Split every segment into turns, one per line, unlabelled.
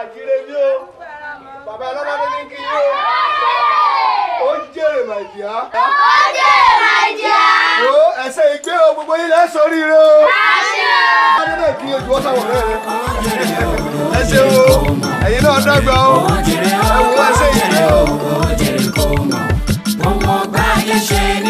àjíire bí o bàbá alábàdé ní kí yó ó
jèrè màjìá. ó jèrè
màjìá. o
ẹsẹ ìgbé o gbogbo yín lẹ sórí rẹ o. adé náà kí ojú ọ̀sán wọ̀ lẹ́rẹ̀.
ẹ ṣe o ẹ̀yin náà dàgbà o ẹ
wo ẹsẹ ìgbé o. ọmọ ọgbà yẹn ṣe ní.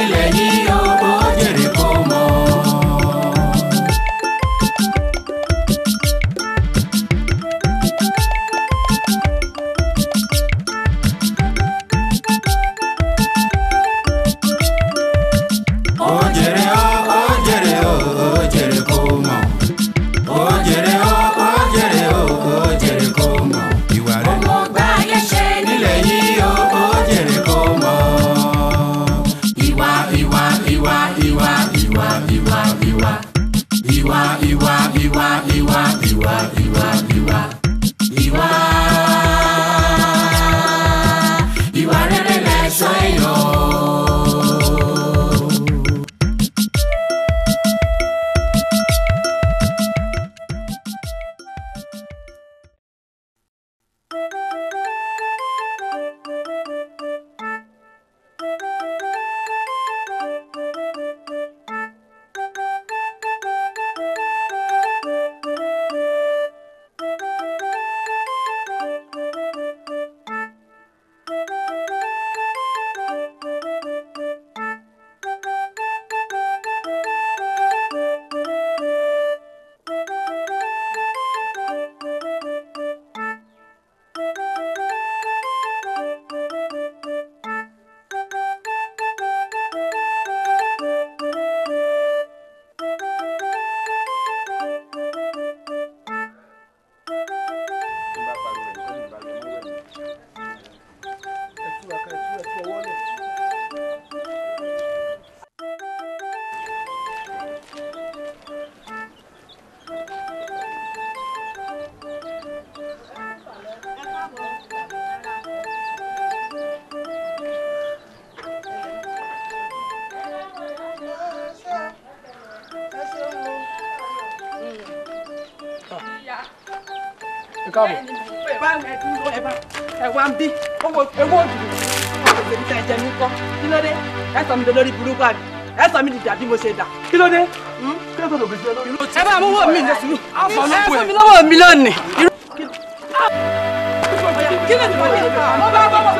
káàbọ̀. ẹ bá ẹ dúró ẹ bá ẹ wá ń bí owó owó òdùnnú ọkọ̀ tèmi tẹ̀ jẹ mí kọ́ kí ló dé ẹ sọ mi dé lórí burúkú àbí ẹ sọ mi dìdà bí mo ṣe dà kí ló dé. Hmm? kí ló tó lògbèsè lórí. ẹ bá mú wọ mi lẹsùn mi ẹ fún mi lọ́wọ́ mi lónìí. kí ló ti bá mi lọ mo bá bọ́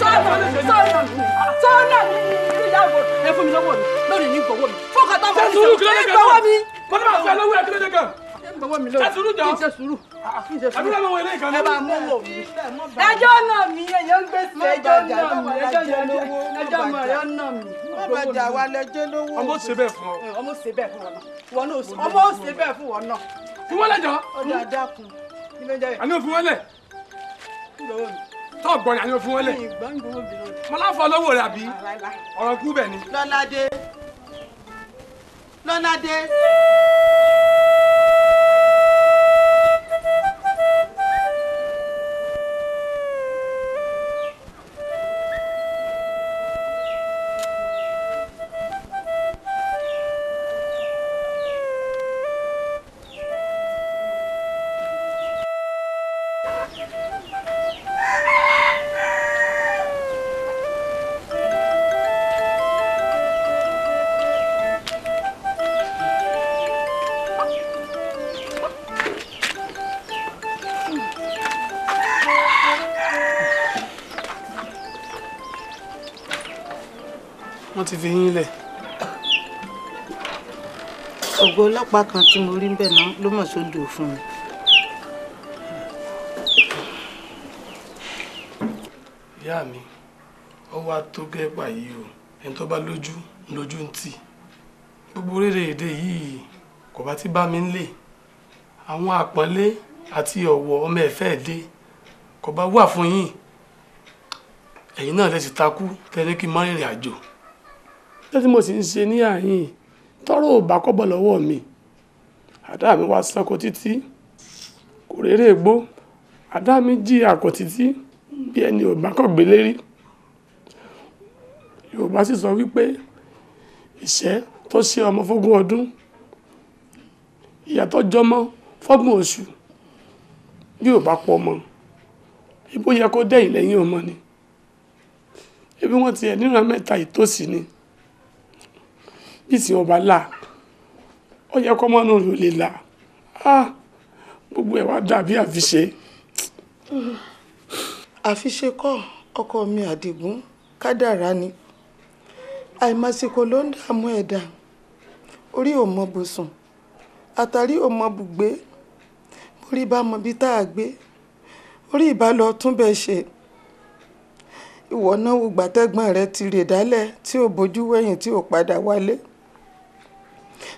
sọ́ọ̀nà mi sọ́ọ̀nà mi ìyàwó ẹ fún mi lọ́wọ́
mi lónìí ní gbọ́wọ́ mi fọ́ọ̀kà tó ń bọ̀ ní gbọ́wọ́ mi. mo ní bá fẹ́ lọ́wọ́ ẹ kí ló dé gan
gbowó mi lórí. sẹ́sùrù jọ. kí n ṣe sùúrù. Ah, kí n ṣe sùúrù. àbúrò wọlé kan náà. ẹjọ́ náà mi ẹ̀yọ́ ń gbèsè ẹjọ́ náà mi ẹ̀yọ́ náà mi. má bàa jà wá lówó. ọmọ ṣe bẹ́ẹ̀ fún ọ. ọmọ ṣe bẹ́ẹ̀ fún wọn náà. ọmọ ṣe bẹ́ẹ̀ fún wọn náà.
fún wọn lẹ́jọ́. ọjà
dákun. àní òfin wọn lẹ̀. tọ́ gbọ́n ni àní òfin wọn lẹ̀. mọ́láfọ́ lọ́wọ́ rẹ̀ àbí ah, ọ̀rọ̀ kú bẹ̀ ni. lọ́ládé lọ́ládé. ti fi yín lẹ̀. ọ̀gá ọlọ́pàá kan tí mo rí ń bẹ̀ náà ló mọ̀ sódò fún mi.
ìyá mi ó wá tó gẹ́gbà yìí o ẹni tó bá lójú lójú ń tì gbogbo rere èdè yìí kò bá ti bá mi ń lè àwọn àpọ́nlé àti ọ̀wọ̀ ọmọ ẹ̀fẹ́ dé kò bá wà fún yín ẹ̀yin náà lè ti takú tẹ́lẹ̀ kí n má rìnrìn àjò iṣẹ́ tí mo sì ń ṣe ní àyìn tọ́rọ̀ ò bá kọ́bọ̀ lọ́wọ́ mi àdá mi wá sanko títí kò réré gbó àdá mi jí àkọ́ títí bí ẹni ò bá kọ̀ gbé lérí Yorùbá sì sọ wípé ìṣẹ́ tó ṣe ọmọ fógún ọdún ìyàtọ̀ jọmọ́ fọ́gbọ̀n oṣù bí ò bá pọ̀ mọ́ ibo yẹ kó dẹ́yìn lẹ́yìn ọmọ ni ebi wọ́n ti ẹ̀ níran mẹ́ta ìtòsí ni bí ìsìn ọba là ó yẹ kọ́ mọ́nà ló lè là ah, gbogbo ẹ̀ wá dàbí àfiṣe.
àfiṣe kọ́ ọkọ mi àdìgún kádàrá ni àìmásìkò ló ń dààmú ẹ̀dá orí ò mọ bùsùn àtàrí ò mọ bùgbé orí bá mọ bí tá a gbé orí ìbá lọ tún ṣe ìwọ náà wò rẹ ti rè dálẹ̀ tí ò bójú wẹ̀yìn tí ò padà wálé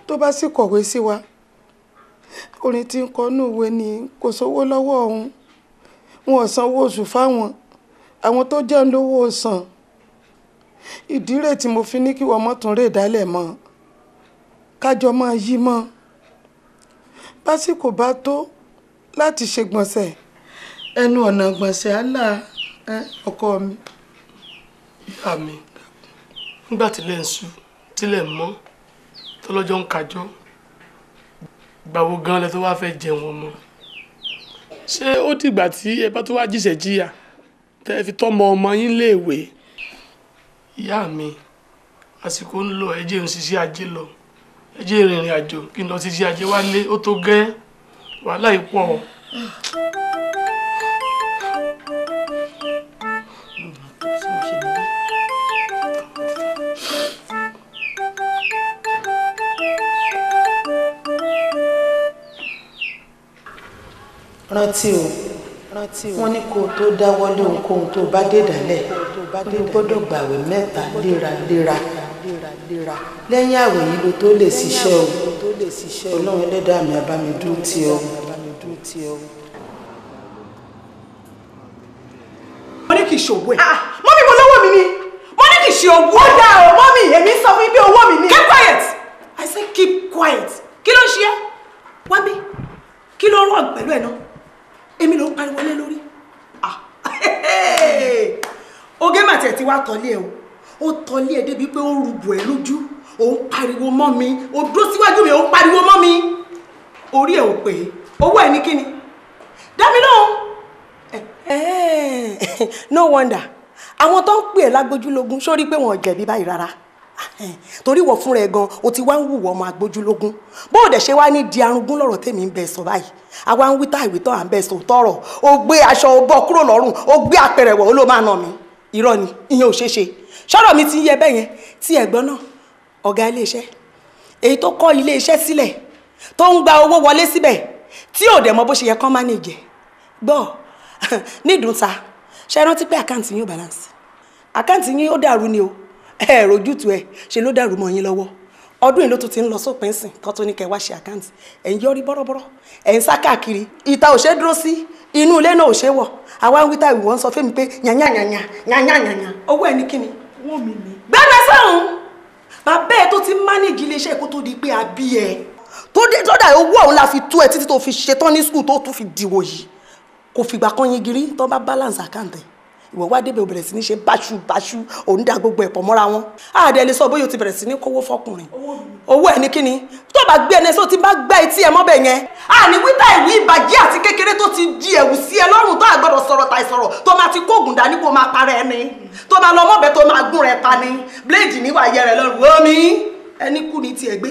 tó bá sì kọ̀wé sí wa orin tí ń kọnú ìwé ni kò sówó lọ́wọ́ òun wọn ò sanwó oṣù fáwọn àwọn tó jẹ́ ń lówó sàn ìdí rẹ̀ tí mo fi ní kí wọ́n mọ́tún rè dálẹ̀ mọ́ kájọ máa yí mọ́ básìkò bá tó láti ṣe gbọ̀nsẹ̀ ẹnu ọ̀nà gbọ̀nsẹ̀ àlà ọkọ mi. àmì nígbà tílẹ̀ ń ṣú
tílẹ̀ mọ́ tọ́lọ́jọ́ ń kájọ́ gbàwo gan lẹ tó wá fẹ́ jẹun ọmọ ṣé ó dìgbà tí ẹ bá tó wá jíṣẹ́ jíyà tẹ́ ẹ fi tọ́mọ ọmọ yín léèwé. ìyá mi àsìkò ń lọ ẹjẹ ń ṣiṣẹ́ ajé lọ ẹjẹ ìrìnrìn àjò kí n lọ ṣiṣẹ́ ajé wálé ó tó gẹ́ wàhálà yìí
rántí o wọ́n ní kó o tó dáwọ́lé ohunkóhun tó o bá dé dálẹ̀ o ní gbọ́dọ̀ gbàwé mẹ́ta léraléra lẹ́yìn àwẹ̀ yìí ló tó lè ṣiṣẹ́ o ọlọ́run ẹlẹ́dàá mi abámidún tí o. mo ní kì í ṣòwò ẹ̀. Ah, mo ní mo lówó mi ni mo ní kì í ṣe owó. ó dáa o mọ́mí èmi sọ fún bí owó mi ni. keep quiet i say keep quiet kí ló ń ṣe é wá bí kí ló rọ̀ pẹ̀lú ẹ̀ náà èmi ló ń pariwo lé lórí ah, oge màtẹ̀ ti wá tọ́lé ẹ o ó tọ́lé ẹ débi pé ó rúbọ ẹ lójú ó ń pariwo mọ́ mi ó dúró síwájú mi ó ń pariwo mọ́ mi orí ẹ ò pé owó ẹ ní kíni dámi lóhùn. Eh, eh, no wonder àwọn tó ń pè é lágbójúlógún sórí pé wọn ò jẹ̀bi báyìí rárá torí wọ fúnra ẹ gan o ti wá ń wùwọ ọmọ agbójúlógún bó o dẹ̀ ṣe wá ní di arúgbún lọ́rọ̀ tèmi ń bẹ sọ báyìí àwa ń wí táìwé tán à ń bẹ sọ tọrọ o gbé aṣọ o bọ́ kúrò lọ́rùn o gbé apẹ̀rẹ̀ wọ̀ ó ló máa nà mí irọ́ ni ìyẹn ò ṣeé ṣe ṣọ́rọ̀ mi ti ń yẹ bẹ́ẹ̀ yẹn tí ẹ̀gbọ́n náà ọ̀gá iléeṣẹ́ èyí tó kọ́ iléeṣẹ́ sílẹ̀ tó ń gba owó wọlé síbẹ̀ tí ò dẹ̀ mọ bó ṣe yẹ kán mánéèjì gbọ́ nídùúta ṣe pé àkáǹtì yín ò balance àkáǹtì yín ó dàrú ni o ẹ rojútu ẹ ṣe ló dàrú mọ́ yín lọ́wọ́ ọdún yìí ló tún ti ń lọ sópin sìn tó tún ní kẹ́ wá ṣe àkáǹtì ẹ ń yọrí bọ́rọ́bọ́rọ́ ẹ ń sá káàkiri ìta ò ṣe dúró sí inú ilé náà ò ṣe wọ̀ àwa ń wíta ìwọ ń sọ fẹ́mi pé yànyànyànyà yànyànyànyà owó ẹ ní kíni. wọ́n mi ni. gbẹ́gbẹ́ sọ̀hún bàbá ẹ tó ti mánéjì iléeṣẹ́ kó tó di pé a bí ẹ tó dé tó dà owó ọ̀hún la fi tú ẹ títí tó fi ṣetán ní skul tó tún fi dìwò yìí kò fìgbà kan yin giri tó bá balance àkáǹtì ìwọ wá débẹ̀ ò bẹ̀rẹ̀ sí ní ṣe báṣu báṣu òun dá gbogbo ẹ̀pọ̀ mọ́ra wọn àdé lè sọ bóyá o ti bẹ̀rẹ̀ sí ní kówó fọkùnrin owó ẹ̀ ní kíni tó bá gbé ẹni sọ ti bá gbá etí ẹ mọ́bẹ̀ yẹn àní wíta ìwé ìbàjẹ́ àti kékeré tó ti di ẹ̀wù sí ẹ lọ́rùn tó àgbọ̀dọ̀ sọ̀rọ̀ ta ìsọ̀rọ̀ tó máa ti kóògùn dání kó máa para ẹni tó bá lọ mọ́bẹ̀ tó máa gún rẹ pa ni bléèdì níwà yẹ rẹ lọ́rùn omi ẹni kú ni tiẹ̀ gbé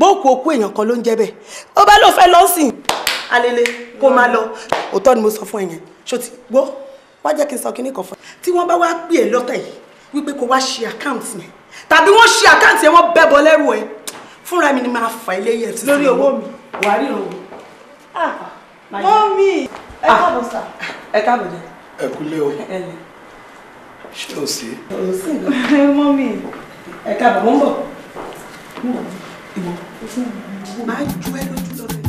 bóòkù òkú èèyàn kan ló ń jẹ́ bẹ́ẹ̀ ó bá lọ fẹ́ lọ́sìn alele kó máa lọ òótọ́ ni mo sọ fún ẹ̀yẹn ṣó ti gbọ́ wá jẹ́ kí n sọ kí ní kan fún ẹ tí wọ́n bá wá pè é lọ́tẹ̀ yìí wípé kó wá ṣe àkáǹtì yẹn tàbí wọ́n ṣe àkáǹtì yẹn wọ́n bẹ́bọ lẹ́rù ẹ fúnra mi ni máa fà ilé yẹn ti lórí owó mi wàá rí òun. Ah, ah, mọ́mí ẹ ah, káàbọ̀ sà. ẹ káàbọ̀ jẹ. ẹ kúlé o ṣé o sí. o sí lọ. mọ́mí ẹ káàbọ̀ mọ́ ń bọ̀. máa ju ẹ lójú lọ́dọ̀.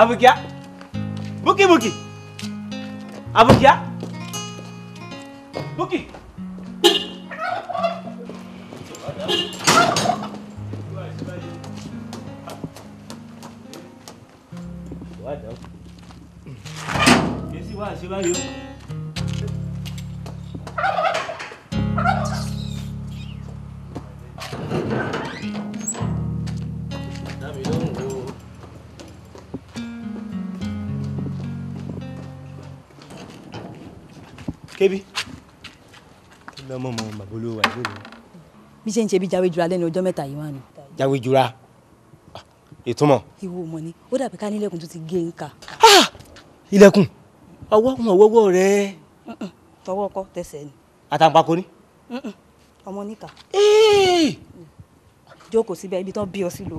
अब क्या bookie bookie अब क्या bí ṣe ń ṣe bí Jáwéjura lẹ́nu ọjọ́ mẹ́ta yìí wà nù. Jáwéjura ìtumọ̀. ìwọ mọ ni ó dàbí ká nílẹ̀kùn tó ti gé ń ka. ilẹ̀kùn ọwọ́ ọmọ ọwọ́ rẹ. tọwọ́ kọ tẹsẹ̀ ni. àtàǹpàkò ni. ọmọ níkà. Mm. jókòó síbẹ̀ ibi tán bí ọ sí lò.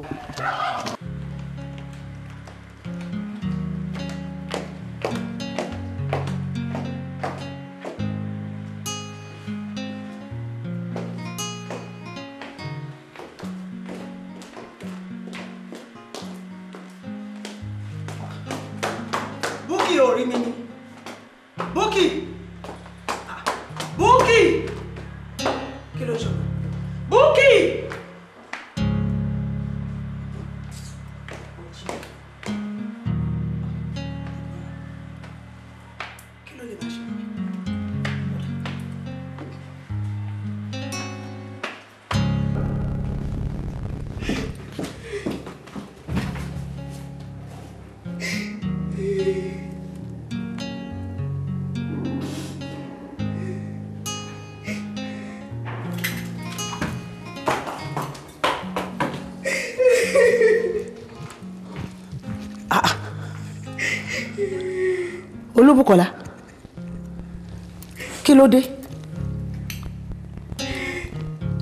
ló dé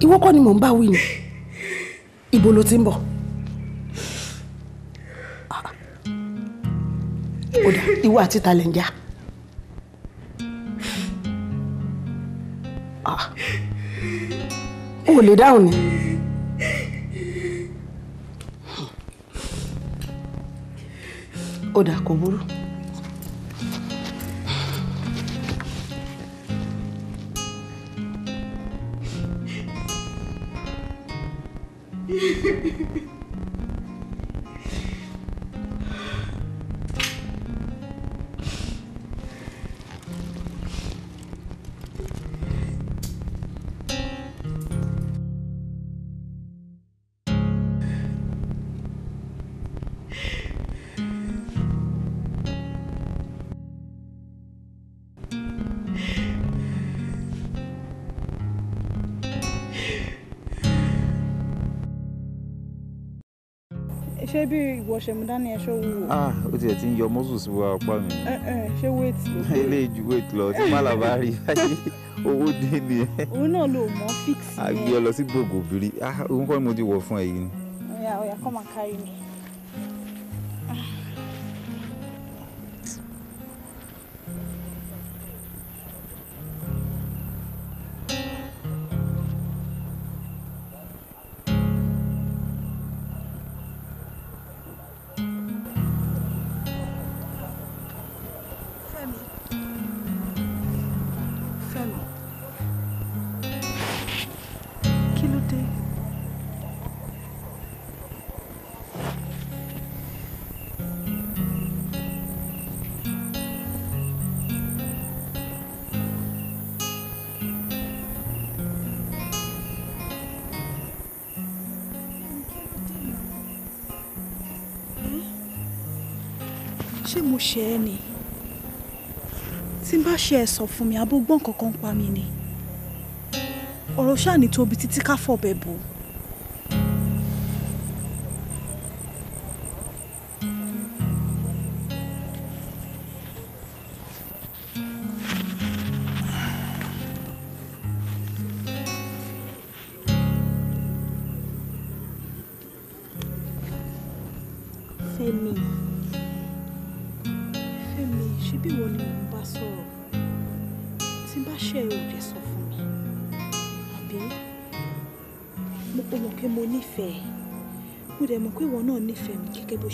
ìwọ kọ́ ni mò ń bá wí ni ibo ló ti ń bọ̀ ọ̀dà ìwọ àti ta lẹ̀ ń jà ah. o ò lè dáhùn ni. ọ̀dà kò burú. フフフフ。bu ọṣẹ mu dání ẹṣọ wò. ah
o tiẹ̀ ti ń yọ muscles wo apá mi.
ẹ eh, ẹ eh, ṣé weight ló. eléyìí
ju weight lọ tí málàbá rí báyìí owó dín ni. òun
náà ló mọ fix.
a gbé ọ e lọ sí gbogbo obìnrin ah òun kọ́ ni mo ti wọ̀ fún ẹ yìí ni.
ọ̀yà ọ̀yà kọ́ máa kárí mi. ṣe ẹ́ ni tí n bá ṣe ẹ̀ sọ fún mi abó gbọ́n kankan pa mi ni ọ̀rọ̀ ṣáà ní tóbi títí ká fọ̀bẹ bò ó.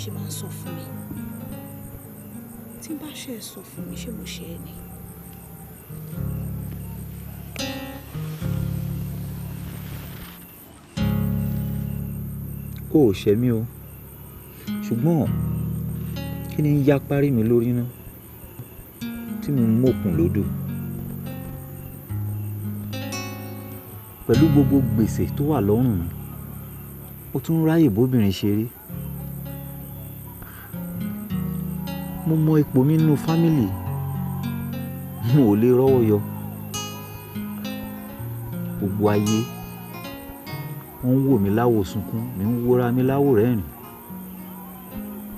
ṣe máa ń sọ fún mi. Tí n bá ṣe sọ fún mi, ṣé
mo ṣe ẹ ni?
O ò ṣẹ̀ mí o. Ṣùgbọ́n kí ni ń parí mi lórí ná? Tí mo mọ̀kùn lódò. Pẹ̀lú gbogbo gbèsè tó wà lọ́rùn mi, o tún ráyè bóbìnrin ṣeré. mo mọ ipò mi nínú fámìlì mo ò lè rọ́wọ́ yọ gbogbo ayé wọ́n ń wò mí láwo sunkún mi ń wóra mi láwo rẹ́rìn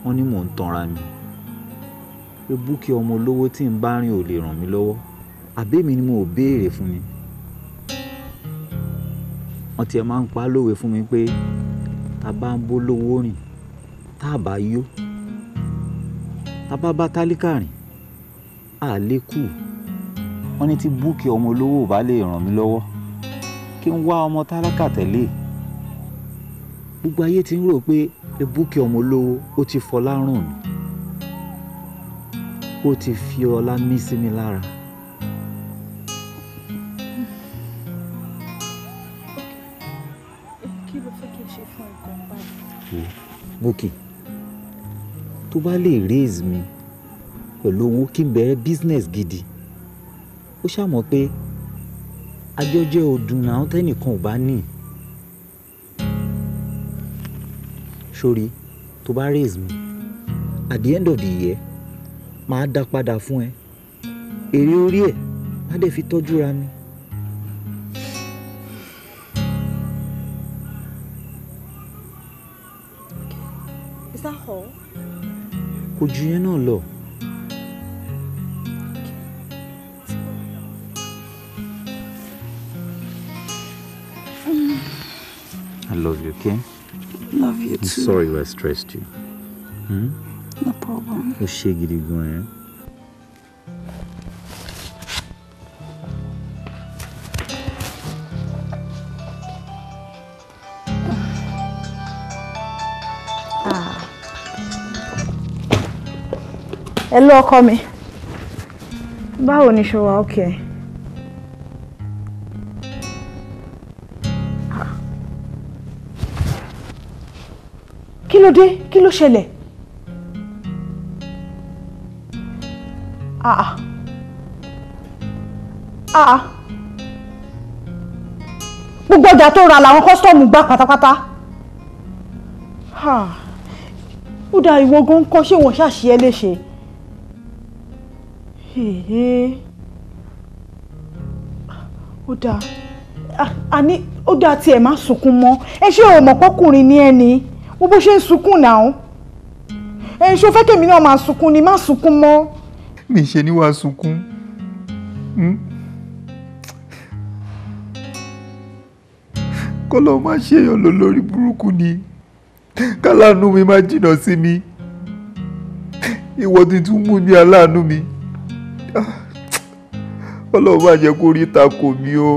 wọ́n ní mò ń tanra mi pé búkì ọmọ olówó tí ń bá rìn ò lè ràn mí lọ́wọ́ àbẹ́mi ni mo ò béèrè fún ni wọ́n tiẹ̀ máa ń pa á lówe fún mi pé tá a bá ń bó lówó rìn tá a bá yó tábà bá tálíkà rìn à lè kù wọ́n ní tí búùkì ọmọ olówó ò bá lè ràn mí lọ́wọ́ kí n wá ọmọ tálákà tẹ̀lé gbogbo ayé ti ń rò pé ebúkì ọmọ olówó ó ti fọlá rùn mí ó ti fi ọlá mí sí mi lára. kí ló tó bá lè raise mi pẹ̀lú owó kí n bẹ̀rẹ̀ business gidi ó ṣàmọ̀ pé ajọ́jẹ́ ọdún náà tẹ́nìkan ò bá ní sórí tó bá raise mi at the end of the year máa dá padà fún ẹ èrè orí ẹ̀ má dẹ̀ fi tọ́jú ra mi. kò yẹn náà lọ. I love you, okay? Love you too. I'm sorry I stressed you.
Hmm? No problem. O
ṣe gidi gan-an. Eh?
ẹ call me. mi báwo ni ṣe wà ókè ẹ. kí ló dé kí ló ṣẹlẹ̀. Ah ah, ah, ah. gbogbo ọjà tó ra làwọn kọ́sítọ́ọ̀mù gbà pátápátá ó dá ìwọ gan kọ́ ṣé wọ́n ṣàṣì léṣe ó dáa àní ó dáa tí ẹ má sunkún mọ́ ẹ ṣé ò mọ̀ pọ́kùnrin ní ẹni mo bó ṣe ń sunkún náà ẹ ṣó fẹ́ kèmí náà máa sunkún ni má sunkún mọ́.
mi ṣe ni wàá sunkún. Hmm? kọ́ lọ́ọ́ má ṣèyàn lọ lórí burúkú ni káláàánú mi má jìnnà sí mi ìwọ tuntun mú mi aláàánú mi. Ah, ọlọ́run má jẹ́ kó rí takò mí o.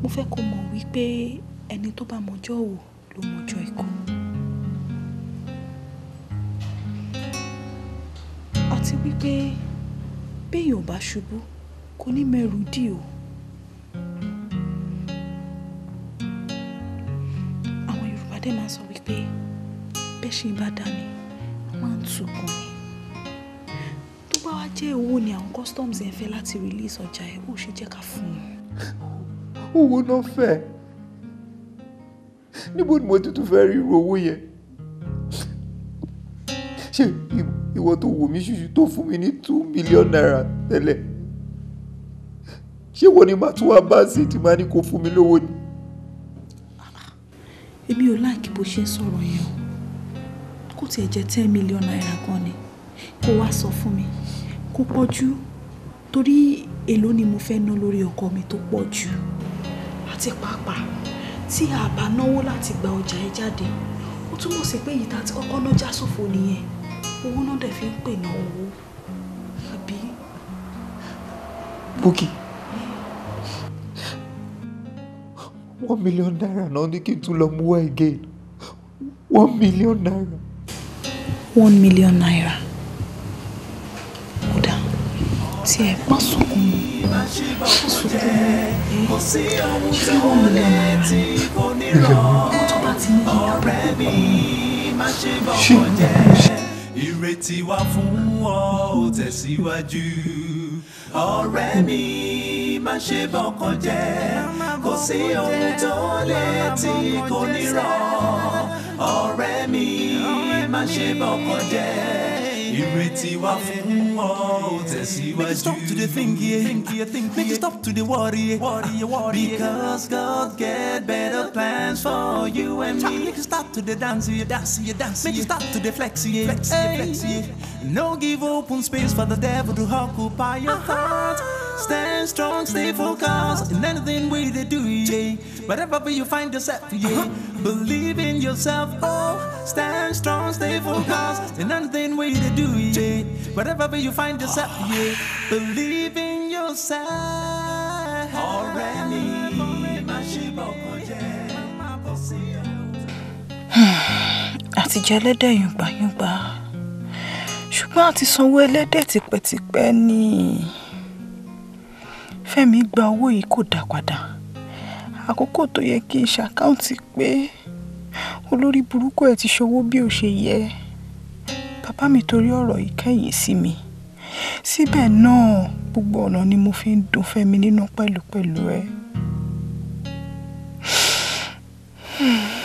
mo fẹ́ kó mọ̀ wípé ẹni tó bá mọjọ́ wò bá ṣubú kò ní mẹ́rù dì o. àwọn yorùbá dẹ̀ máa ń sọ wípé bẹ́ẹ̀ ṣe bá dání wọ́n á ń tukùn ni tó bá wá jẹ́ owó ni àwọn customs ẹ̀ fẹ́ láti release ọjà ẹ̀ ó ṣe jẹ́ ká fún un.
owó náà fẹ́ níbo ni mo tuntun fẹ́ rí irú owó yẹn ṣé ìgbà ìwọ tó wò mí ṣùṣù tó fún mi ní two million naira tẹ́lẹ̀ ṣé wọ́n ní màá tún wá bá ṣe tí màá ní kó fún mi lówó ni. èmi ò
láìkí bó ṣe ń sọ̀rọ̀ yẹn o kó tiẹ̀ jẹ́ ten million naira gan ni kó wá sọ fún mi kó pọ̀ jù torí èló ni mo fẹ́ ná lórí ọkọ mi tó pọ̀ jù àti pàápàá tí a bá náwó láti gba ọjà ẹ jáde ó túmọ̀ sí pé ìta tí kọ́kọ́ ná já sófo nìyẹn owó náà dẹ̀ fi ń pè ní
owó àbí.
Bókì one million naira náà ní kí n tún lọ mú wá again one million naira.
one million naira kódà tí ẹ bá sunkún mu bá sunkún
mu ṣé one million naira ni bá ti ní ìyàwó ọ̀rẹ́ mi má ṣe bọ̀ jẹ́ ìrètí wa fún
ọ ó tẹ̀síwájú ọ̀rẹ́ mi má ṣe
bọ̀kàn jẹ́ kò sí ohun tó lè tí kò ní rọ̀ ọ̀rẹ́ mi má ṣe bọ̀kàn jẹ́. ìrètí wa fún ọ ò tẹ̀síwájú. make you stop to dey think ye think ye think make you stop to dey worry ye worry ye worry ye. because God get better plans for you and me. make you start to dey dance ye dance ye dance ye make you start to dey flex ye flex ye flex ye. no give open space for the devil to occupy your uh-huh. thoughts. Stand strong, stay focused in anything we do, yeah. Wherever you find yourself, yeah. Believe in yourself, oh. Stand strong, stay focused in anything we do, yeah. Wherever you find yourself, yeah. Believe in yourself. Already,
àtijọ́ ẹlẹ́dẹ̀ yùngbà yùngbà ṣùgbọ́n àti
sanwó ẹlẹ́dẹ̀ tipẹ́tipẹ́ ni fẹ́mi gba owó yìí kò dá padà àkókò tó yẹ kí n ṣàkáǹtì pé olórí burúkú ẹ̀ ti ṣòwò bí ó ṣe yẹ bàbá mi torí ọ̀rọ̀ yìí kẹ́yìn sí mi síbẹ̀ náà gbogbo ọ̀nà ni mo fi ń dun fẹ́mi nínú pẹ̀lúpẹ̀lú ẹ. Hmm.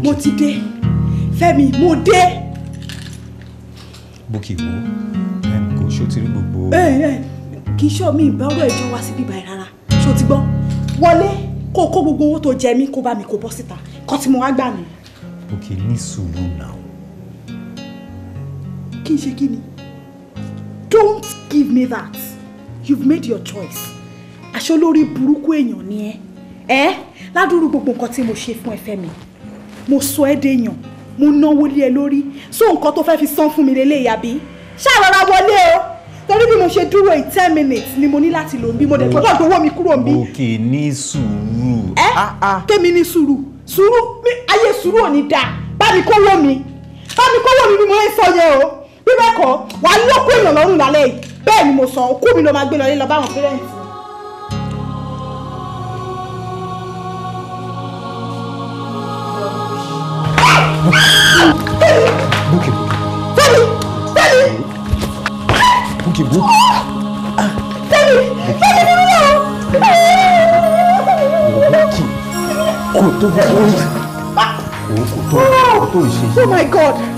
mo ti dé fẹ́mi mo dé.
Bukky wo kò ṣó ti rí gbogbo.
kì í ṣọ́ mi ìbá ọ̀rọ̀ ẹ̀jọ́ wá sí bíbá ẹ̀ rárá ṣó ti gbọ́ wọlé kó kó gbogbo owó tó jẹ mí kó bá mi kó bọ́ síta kọ́ tí mo wá gbà mí.
Bukky ní sùúrù náà.
kí n
ṣe kí ni don't give me that you've made your choice aṣọ lórí burúkú èèyàn ni ẹ ẹ ládùúrú gbogbo nǹkan tí mo ṣe fún ẹ fẹ́ mi mo sọ ẹ́ dèèyàn mo náwó lé ẹ lórí so nǹkan tó fẹ́ fi san fún mi lélẹ́yìí àbí ṣàrọ̀ra wọlé o torí bí mo ṣe dúró in ten minutes ni mo ní láti lò ń bí mo dẹ̀ gbọ́dọ̀ gbowó mi kúrò ń bí.
òkè ní sùúrù.
ẹ ah, ah. kémi ní sùúrù sùúrù ayé sùúrù ò ní dáa bá mi kówó mi bá mi kówó mi bí mo ń sọ yẹn o bí bẹ́ẹ̀ kọ́ wàá lọ́kùn èèyàn lọ́rùn lálẹ́ yìí bẹ́ẹ̀ ni mo sọ òkú mi ló máa gbé lọ lé lọ báwọn pẹ́rẹ́ǹtì.
Oh my God.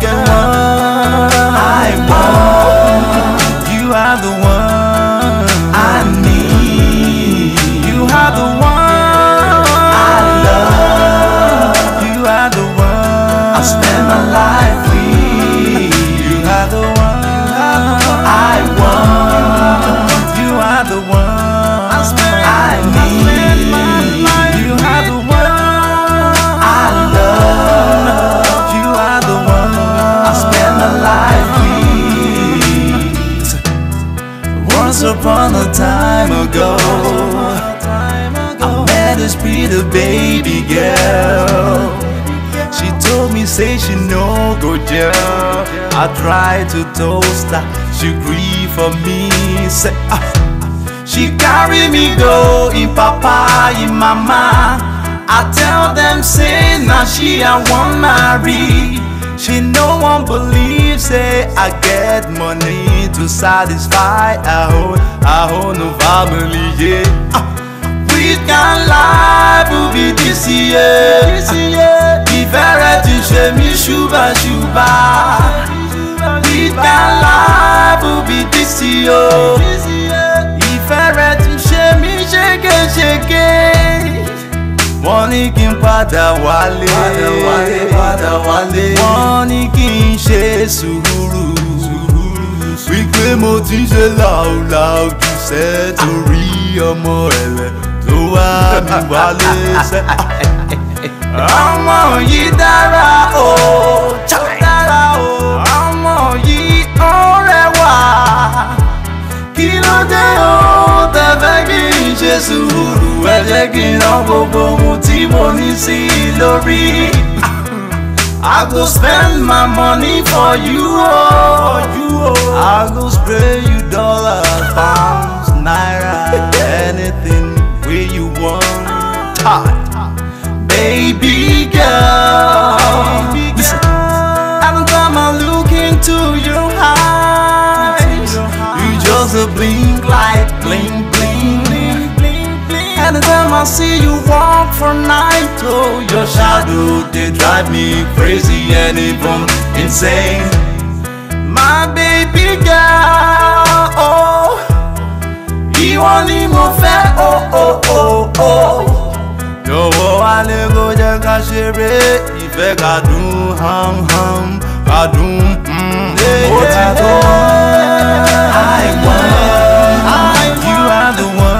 Girl. the baby girl She told me say she no go jail I tried to toast her, she grieve for me say, ah. ah, ah. She carry me go in papa, in mama I tell them say now she I want marry She no one believe say I get money to satisfy I own, her own family yeah. Ah.
African life
will be this year. Ìfẹ́ rẹ ti ṣe mí ṣúbàṣúbà. African life will be this year. Ìfẹ́ rẹ ti ṣe mí ṣégeṣége. Wọ́n ní kí n padà wálé. Padà wálé, padà wálé. Wọ́n ní kí n ṣe sùúrù. Wípé mo ti ṣe làwùlàwù jù sẹ́ẹ̀ torí ọmọ ẹ̀lẹ́. olúwa mi wálé sẹ́. ọmọ yìí dára o ó dára o ọmọ yìí ó rẹwà kí ló dé o tẹ̀fẹ́ lo de o ki ẹ jẹ́ kí tí mo ní sí i lórí. I go spend my money for you oh, you, Oh. I go spray you dollars, pounds, naira, anything hot. Baby girl, listen. Every time I look into your eyes, you just a blink light, blink, bling. Every time I see you walk for night, oh, your shadow, they drive me crazy and even insane. My baby girl, oh, you only more fair, oh, oh, oh, oh ṣòwò wa lè jẹ́ ká ṣeré ìfẹ́ ham ham hmm. tó. I won, I won, you are the one.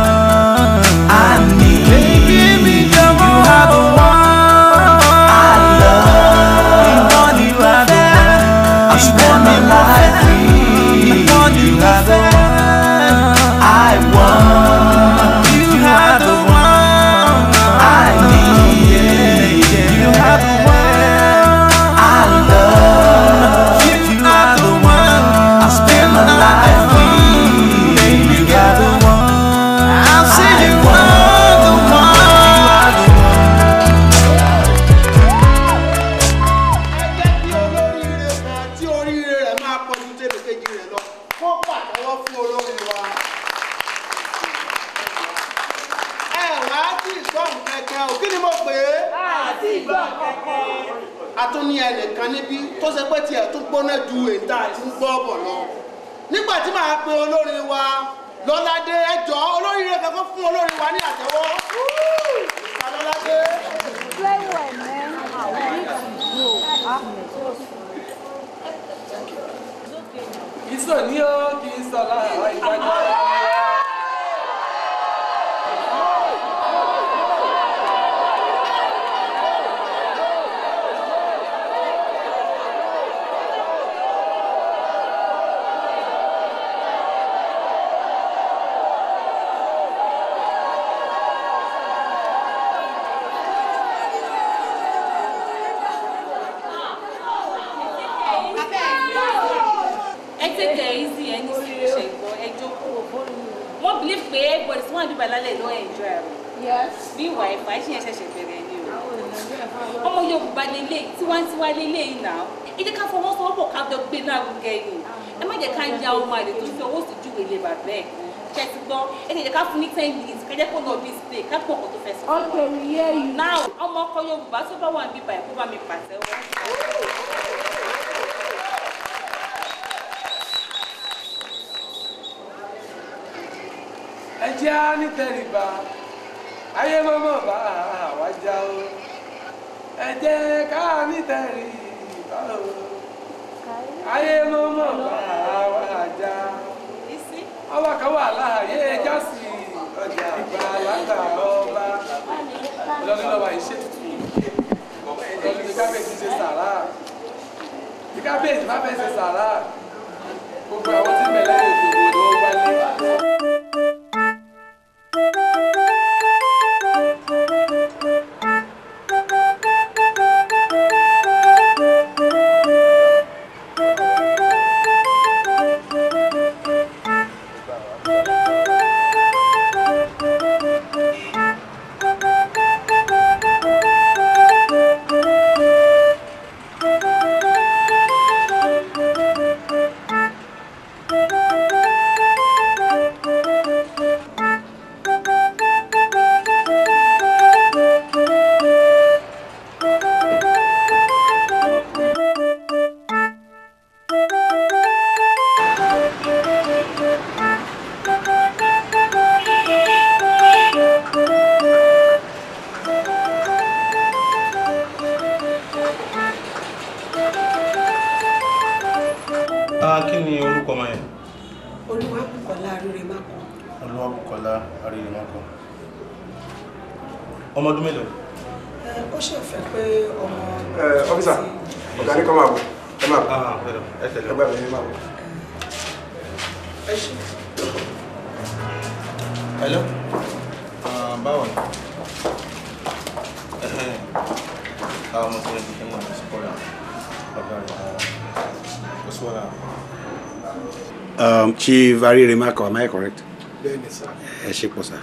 Olúwarí Remarko am I correct? bẹ́ẹ̀ni sir. ẹ ṣe pọ̀ sá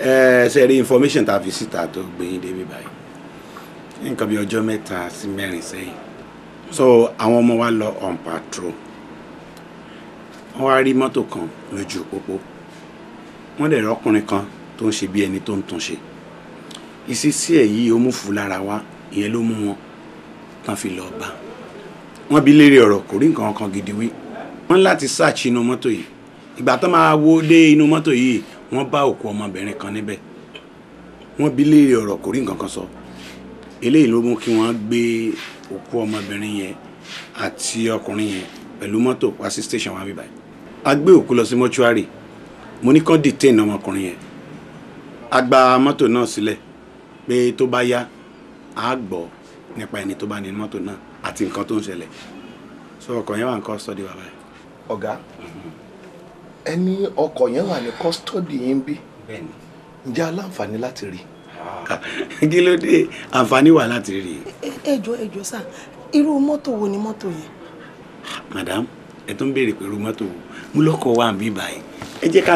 ẹ information that I visited, síta tó gbẹ̀yìn débi báyìí nǹkan bí ọjọ́ mẹ́ta sí mẹ́rin so àwọn ọmọ wa lọ on patrol wọ́n wá rí mọ́tò kan lójú pópó wọ́n lè rọ́kùnrin kan tó ń ṣe bí ẹni tó ń tún ṣe ìṣesí ẹ̀ yìí ó mú fún lára wa ìyẹn ló mú wọn tán fi lọ bá wọn bí léèrè ọ̀rọ̀ kò rí nǹkan kan gidi wí wọ́n láti search ìgbà tó máa wo dé inú mọ́tò yìí wọ́n bá òkú ọmọbìnrin kan níbẹ̀ wọ́n bi léèrè ọ̀rọ̀ kò rí nǹkan kan sọ eléyìí ló mú kí wọ́n gbé òkú ọmọbìnrin yẹn àti ọkùnrin yẹn pẹ̀lú mọ́tò wá sí station wa bíbáyìí a gbé òkú lọ sí mọ́túárì mo ní kán detain ọmọkùnrin yẹn a gba mọ́tò náà sílẹ̀ pé tó bá yá a gbọ́ nípa ẹni tó bá ní mọ́tò náà àti nǹkan tó ń ṣẹlẹ̀ so ọkọ̀ yẹn wà ń kọ́ sọ́dí bàbá yẹn.
ọ̀gá. ẹni ọkọ̀ yẹn wà ní kọ́sítọ́dì yín bí ǹjẹ́ aláǹfààní láti rí. Ah, kí
ló dé àǹfààní wà láti rí.
ẹjọ ẹjọ sá irú mọ́tò wo ni mọ́tò yẹn.
madam ẹ tún béèrè pé moto mọ́tò wo mú lọ́kọ̀ wà ń báyìí ẹ jẹ́ ká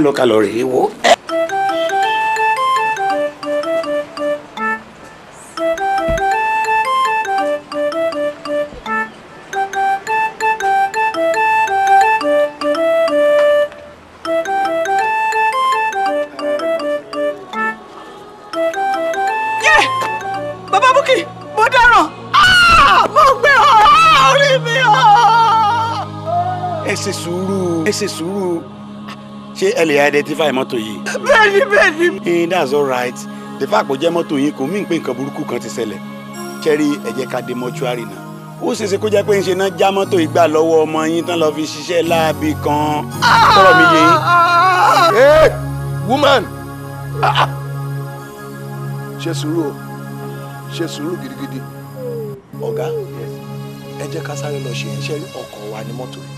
ṣe sùúrù ẹ sùúrù ṣé ẹ lè identify mọ́tò yìí. bẹ́ẹ̀ni bẹ́ẹ̀ni. ee that's all right the fact pé jẹ́ mọ́tò yìí kò mí pé nǹkan burúkú kan ti ṣẹlẹ̀ ṣẹ́rí ẹ ká dé mọ́ṣúárì náà ó ṣeéṣe kó jẹ́ pé ń ṣe náà já mọ́tò ìgbà lọ́wọ́ ọmọ yín tán lọ́ọ́ fi ṣiṣẹ́ láabi kan tọrọ
mi yé ah! eh, woman ah, ah. ṣe sùúrù o ṣe sùúrù gidigidi ọ̀gá ẹ jẹ́ ká sáré lọ ṣe iṣẹ́ ọkọ̀ wa ní mọ́tò yìí.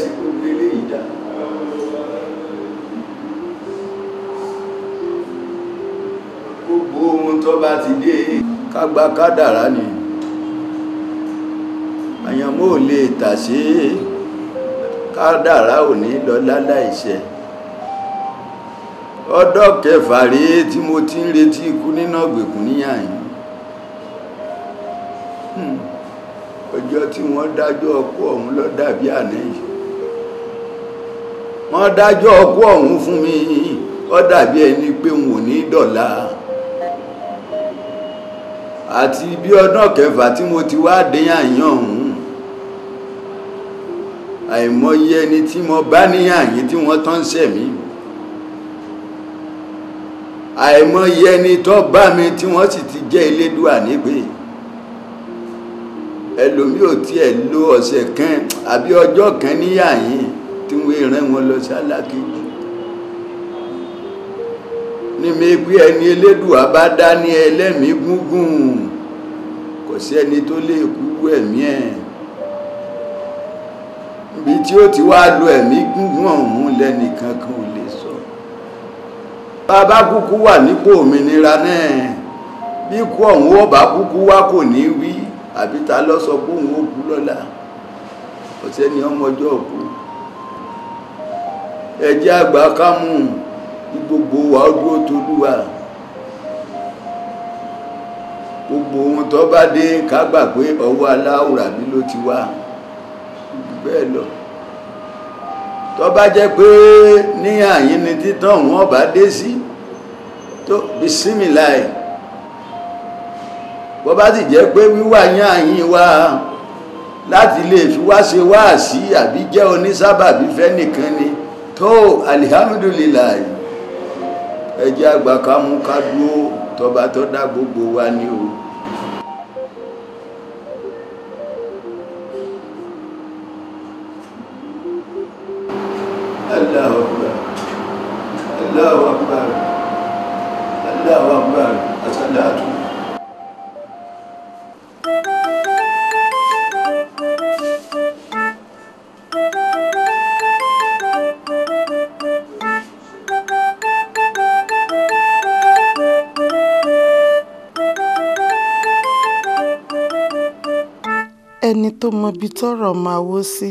gba kádàrá ni àyànmọ́ ò lè tà sí kádàrá ò ní lọ láláìṣẹ ọdọ kẹfà rèé tí mo ti ń retí ikú nínú ọgbẹkùn níyàyín hmm. ọjọ́ tí wọ́n dájọ́ ọkú ọ̀hún lọ dàbí àná yìí wọ́n dájọ́ ọkú ọ̀hún fún mi ó dàbí ẹni pé n ò ní dọ̀la àti bí ọdún kẹfà tí mo ti wá déyàn yàn ọ̀hún àìmọye ẹni tí mo bá níyàn yìí tí wọ́n tán ń sẹ̀mí àìmọye ẹni tó bá mi tí wọ́n sì ti jẹ́ elédùà nígbè ẹlòmíì ò tiẹ̀ lo ọ̀sẹ̀ kan àbí ọjọ́ kan níyàn yìí tí wọ́n rán wọn lọ sálákì níbi pé ẹni elédùá bá dá ní ẹlẹ́mìí gúngún kò sí ẹni tó lè kú ẹ̀mí ẹ̀ ibi tí ó ti wá lo ẹ̀mí gúngún ọ̀hún lẹ́nìkan kan ò lè sọ bàbá kúkú wà nípò òmìnira náà bí ikú ọ̀hún ọba kúkú wá kò ní wí àbí ta lọ sọ pé òun ó kú lọ́la ọ̀sẹ̀ ni ọmọ ọjọ́ òkú ẹ̀jẹ̀ àgbà kámú gbogbo wa dúró tolúwa gbogbo ohun tó bá dé ká gbà pé ọwọ́ aláwùrà bí ló ti wá bẹ́ẹ̀ lọ tó bá jẹ́ pé ní àyín ni títàn wọn bá dé sí tó bisimilayi bó bá sì jẹ́ pé wíwà yín àyín wa láti lè fi wá ṣe wáàsí àbí jẹ́ onísábàbí fẹ́ nìkan ni tó alihamudulilayi ẹjẹ́ àgbà ká mú ká dúró tọba tó dá gbogbo wa ni o. Allahu Akbar
sẹ́ni tó mọbi tọ́rọ̀ máa wọ́ sí,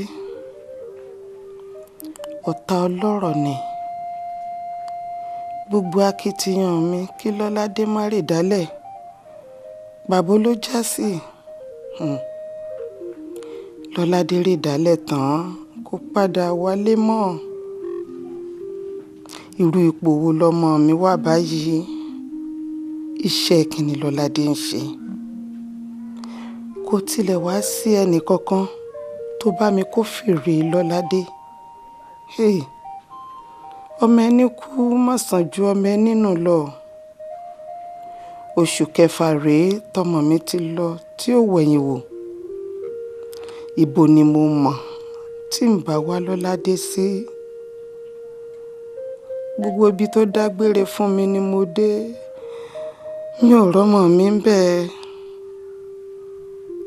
ọ̀tá ọlọ́rọ̀ ni. Gbogbo akitiyan mi kí Lọ́ládé má rè dálẹ̀, pàbó ló jásí. Um, hmm. Lọ́ládé rè dálẹ̀ tán kò padà wálé mọ́. Irú ipò wo lọmọ mi wà báyìí? Iṣẹ́ kínni Lọ́ládé ń ṣe? Kò tilẹ̀ wá sí ẹnìkankan tó bámi kófìrí Lọ́ládé. Hẹ́ẹ̀! Ọmọ ẹni kú má sàn ju ọmọ ẹni nù lọ. Oṣù kẹfà rèé tọmọ mi ti lọ tí ò wẹ̀yìn wò. Ibo ni mo mọ̀ tí ǹ bá wá Lọ́ládé sí? Gbogbo ibi tó dágbére fún mi ni mo dé. Mi ò rọ́mọ mi ńbẹ̀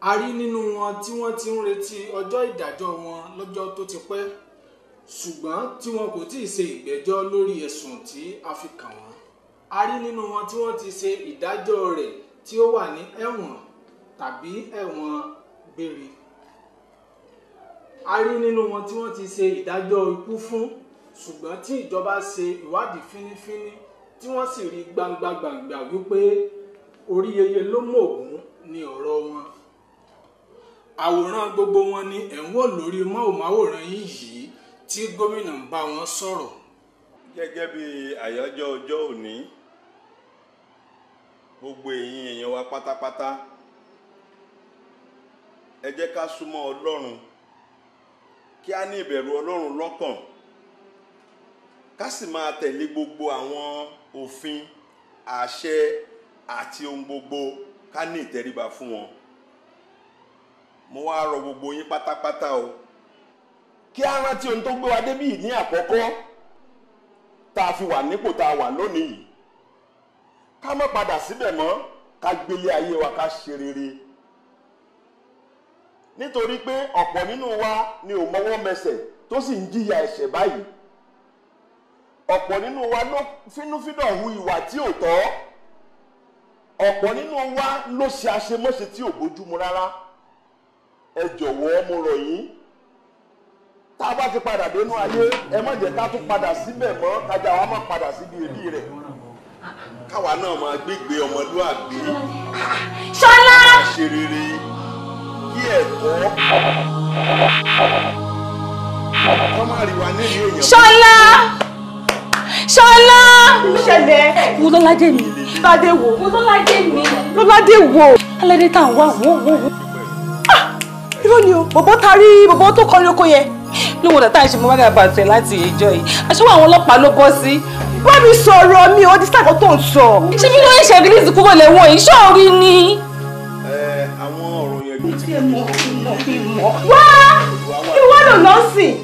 a rí nínú wọn tí wọ́n ti ń retí ọjọ́ ìdájọ́ wọn lọ́jọ́ tó ti pẹ́ ṣùgbọ́n tí wọn kò tí ì ṣe ìgbẹ́jọ́ lórí ẹ̀sùn tí a fi kàn wọ́n a rí nínú wọn tí wọ́n ti ṣe ìdájọ́ rẹ̀ tí ó wà ní ẹ̀wọ̀n tàbí ẹ̀wọ̀n gbére a rí nínú wọn tí wọ́n ti ṣe ìdájọ́ ikú fún ṣùgbọ́n tí ìjọba ṣe ìwádìí fínífíní tí wọ́n sì rí gbangba gbàngbà wípé orí yeye ló mọ̀ ògún ni ọ̀rọ̀ wọn àwòrán gbogbo wọn ni ẹ̀ ń wò lórí máwòmáwòrán yín yìí
tí gómìnà ń bá wọn sọ̀rọ̀. gẹ́gẹ́ bí àyájọ́ ọjọ́ òní gbogbo ẹ̀yin èèyàn wa pátápátá ẹ jẹ́ ká súnmọ́ ọlọ́run kí a ní ìbẹ̀rù ọlọ́run lọ́kàn ká sì máa tẹ̀lé gbogbo àwọn òfin àṣẹ àti ohun gbogbo ká ní ìtẹríba fún wọn mo wá rọ gbogbo yín pátápátá o kí á rántí ohun tó gbé wa débí ní àkọ́kọ́ tá a fi wà nípò tá a wà lónìí yìí ká má padà síbẹ̀ mọ́ ká gbélé ayé wa ká ṣe rere nítorí pé ọ̀pọ̀ nínú wa ni ò mọwọ́ mẹsẹ̀ tó sì ń jìyà ẹ̀ṣẹ̀ báyìí ọ̀pọ̀ nínú wa ló fínúfíndọ̀ hu ìwà tí ò tọ́ ọ̀pọ̀ nínú wa ló ṣe àṣemọ́ṣe tí ò bójúmu rárá ẹ jọ̀wọ́ mo rọ̀ yín tá a bá ti padà dénú ayé ẹ má jẹ́ ká tún padà síbẹ̀ mọ́ kájà wa má padà síbi èbí rẹ̀ káwa náà máa gbégbé ọmọlúàgbé ṣọlá ṣe rere
kí ẹ̀kọ́ kọ́ má rí wa èèyàn. ṣọlá ṣọlá. ṣẹlẹ̀ wo lọ́ládé mi lọ́ládé wo lọ́ládé mi lọ́ládé wo alẹ́ dé tá à wá wo wo wo irọ́ ni o bọ̀bọ̀ tarí bọ̀bọ̀ tó kọ́ lóko yẹ lóhun tàtà ìṣe mo bá láti ìjọ yìí aṣọ́wọ́ àwọn ọlọ́pàá ló bọ́ sí bá mi sọ̀rọ̀ mi ò dísàkọ́ tó ń sọ ṣé bí wọ́n ṣe release kúrò lẹ́wọ̀n yìí ṣọ́ọ̀rí ni. àwọn ọ̀rọ̀ yẹn ló ti mọ̀ wá ìwọ lò lọ́sìn.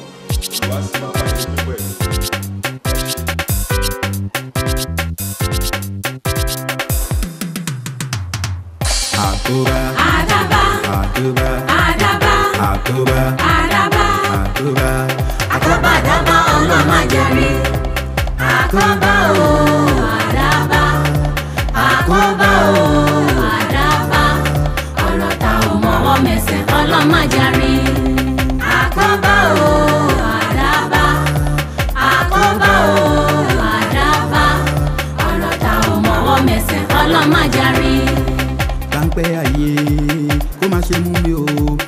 àtúbà àtàbà àtúbà àkóbá àdábá àkóbá àkóbá àdábá ọlọ́mọ jẹrí àkóbá o àdábá àkóbá o àdábá ọ̀rọ̀ ta ò mọ̀wọ́ mẹsẹ̀ ọlọ́mọ jẹrí àkóbá o àdábá àkóbá o àdábá ọ̀rọ̀ ta ò mọ̀wọ́ mẹsẹ̀ ọlọ́mọ jẹrí. páńpẹ́
ayé kó má ṣe mú mi o.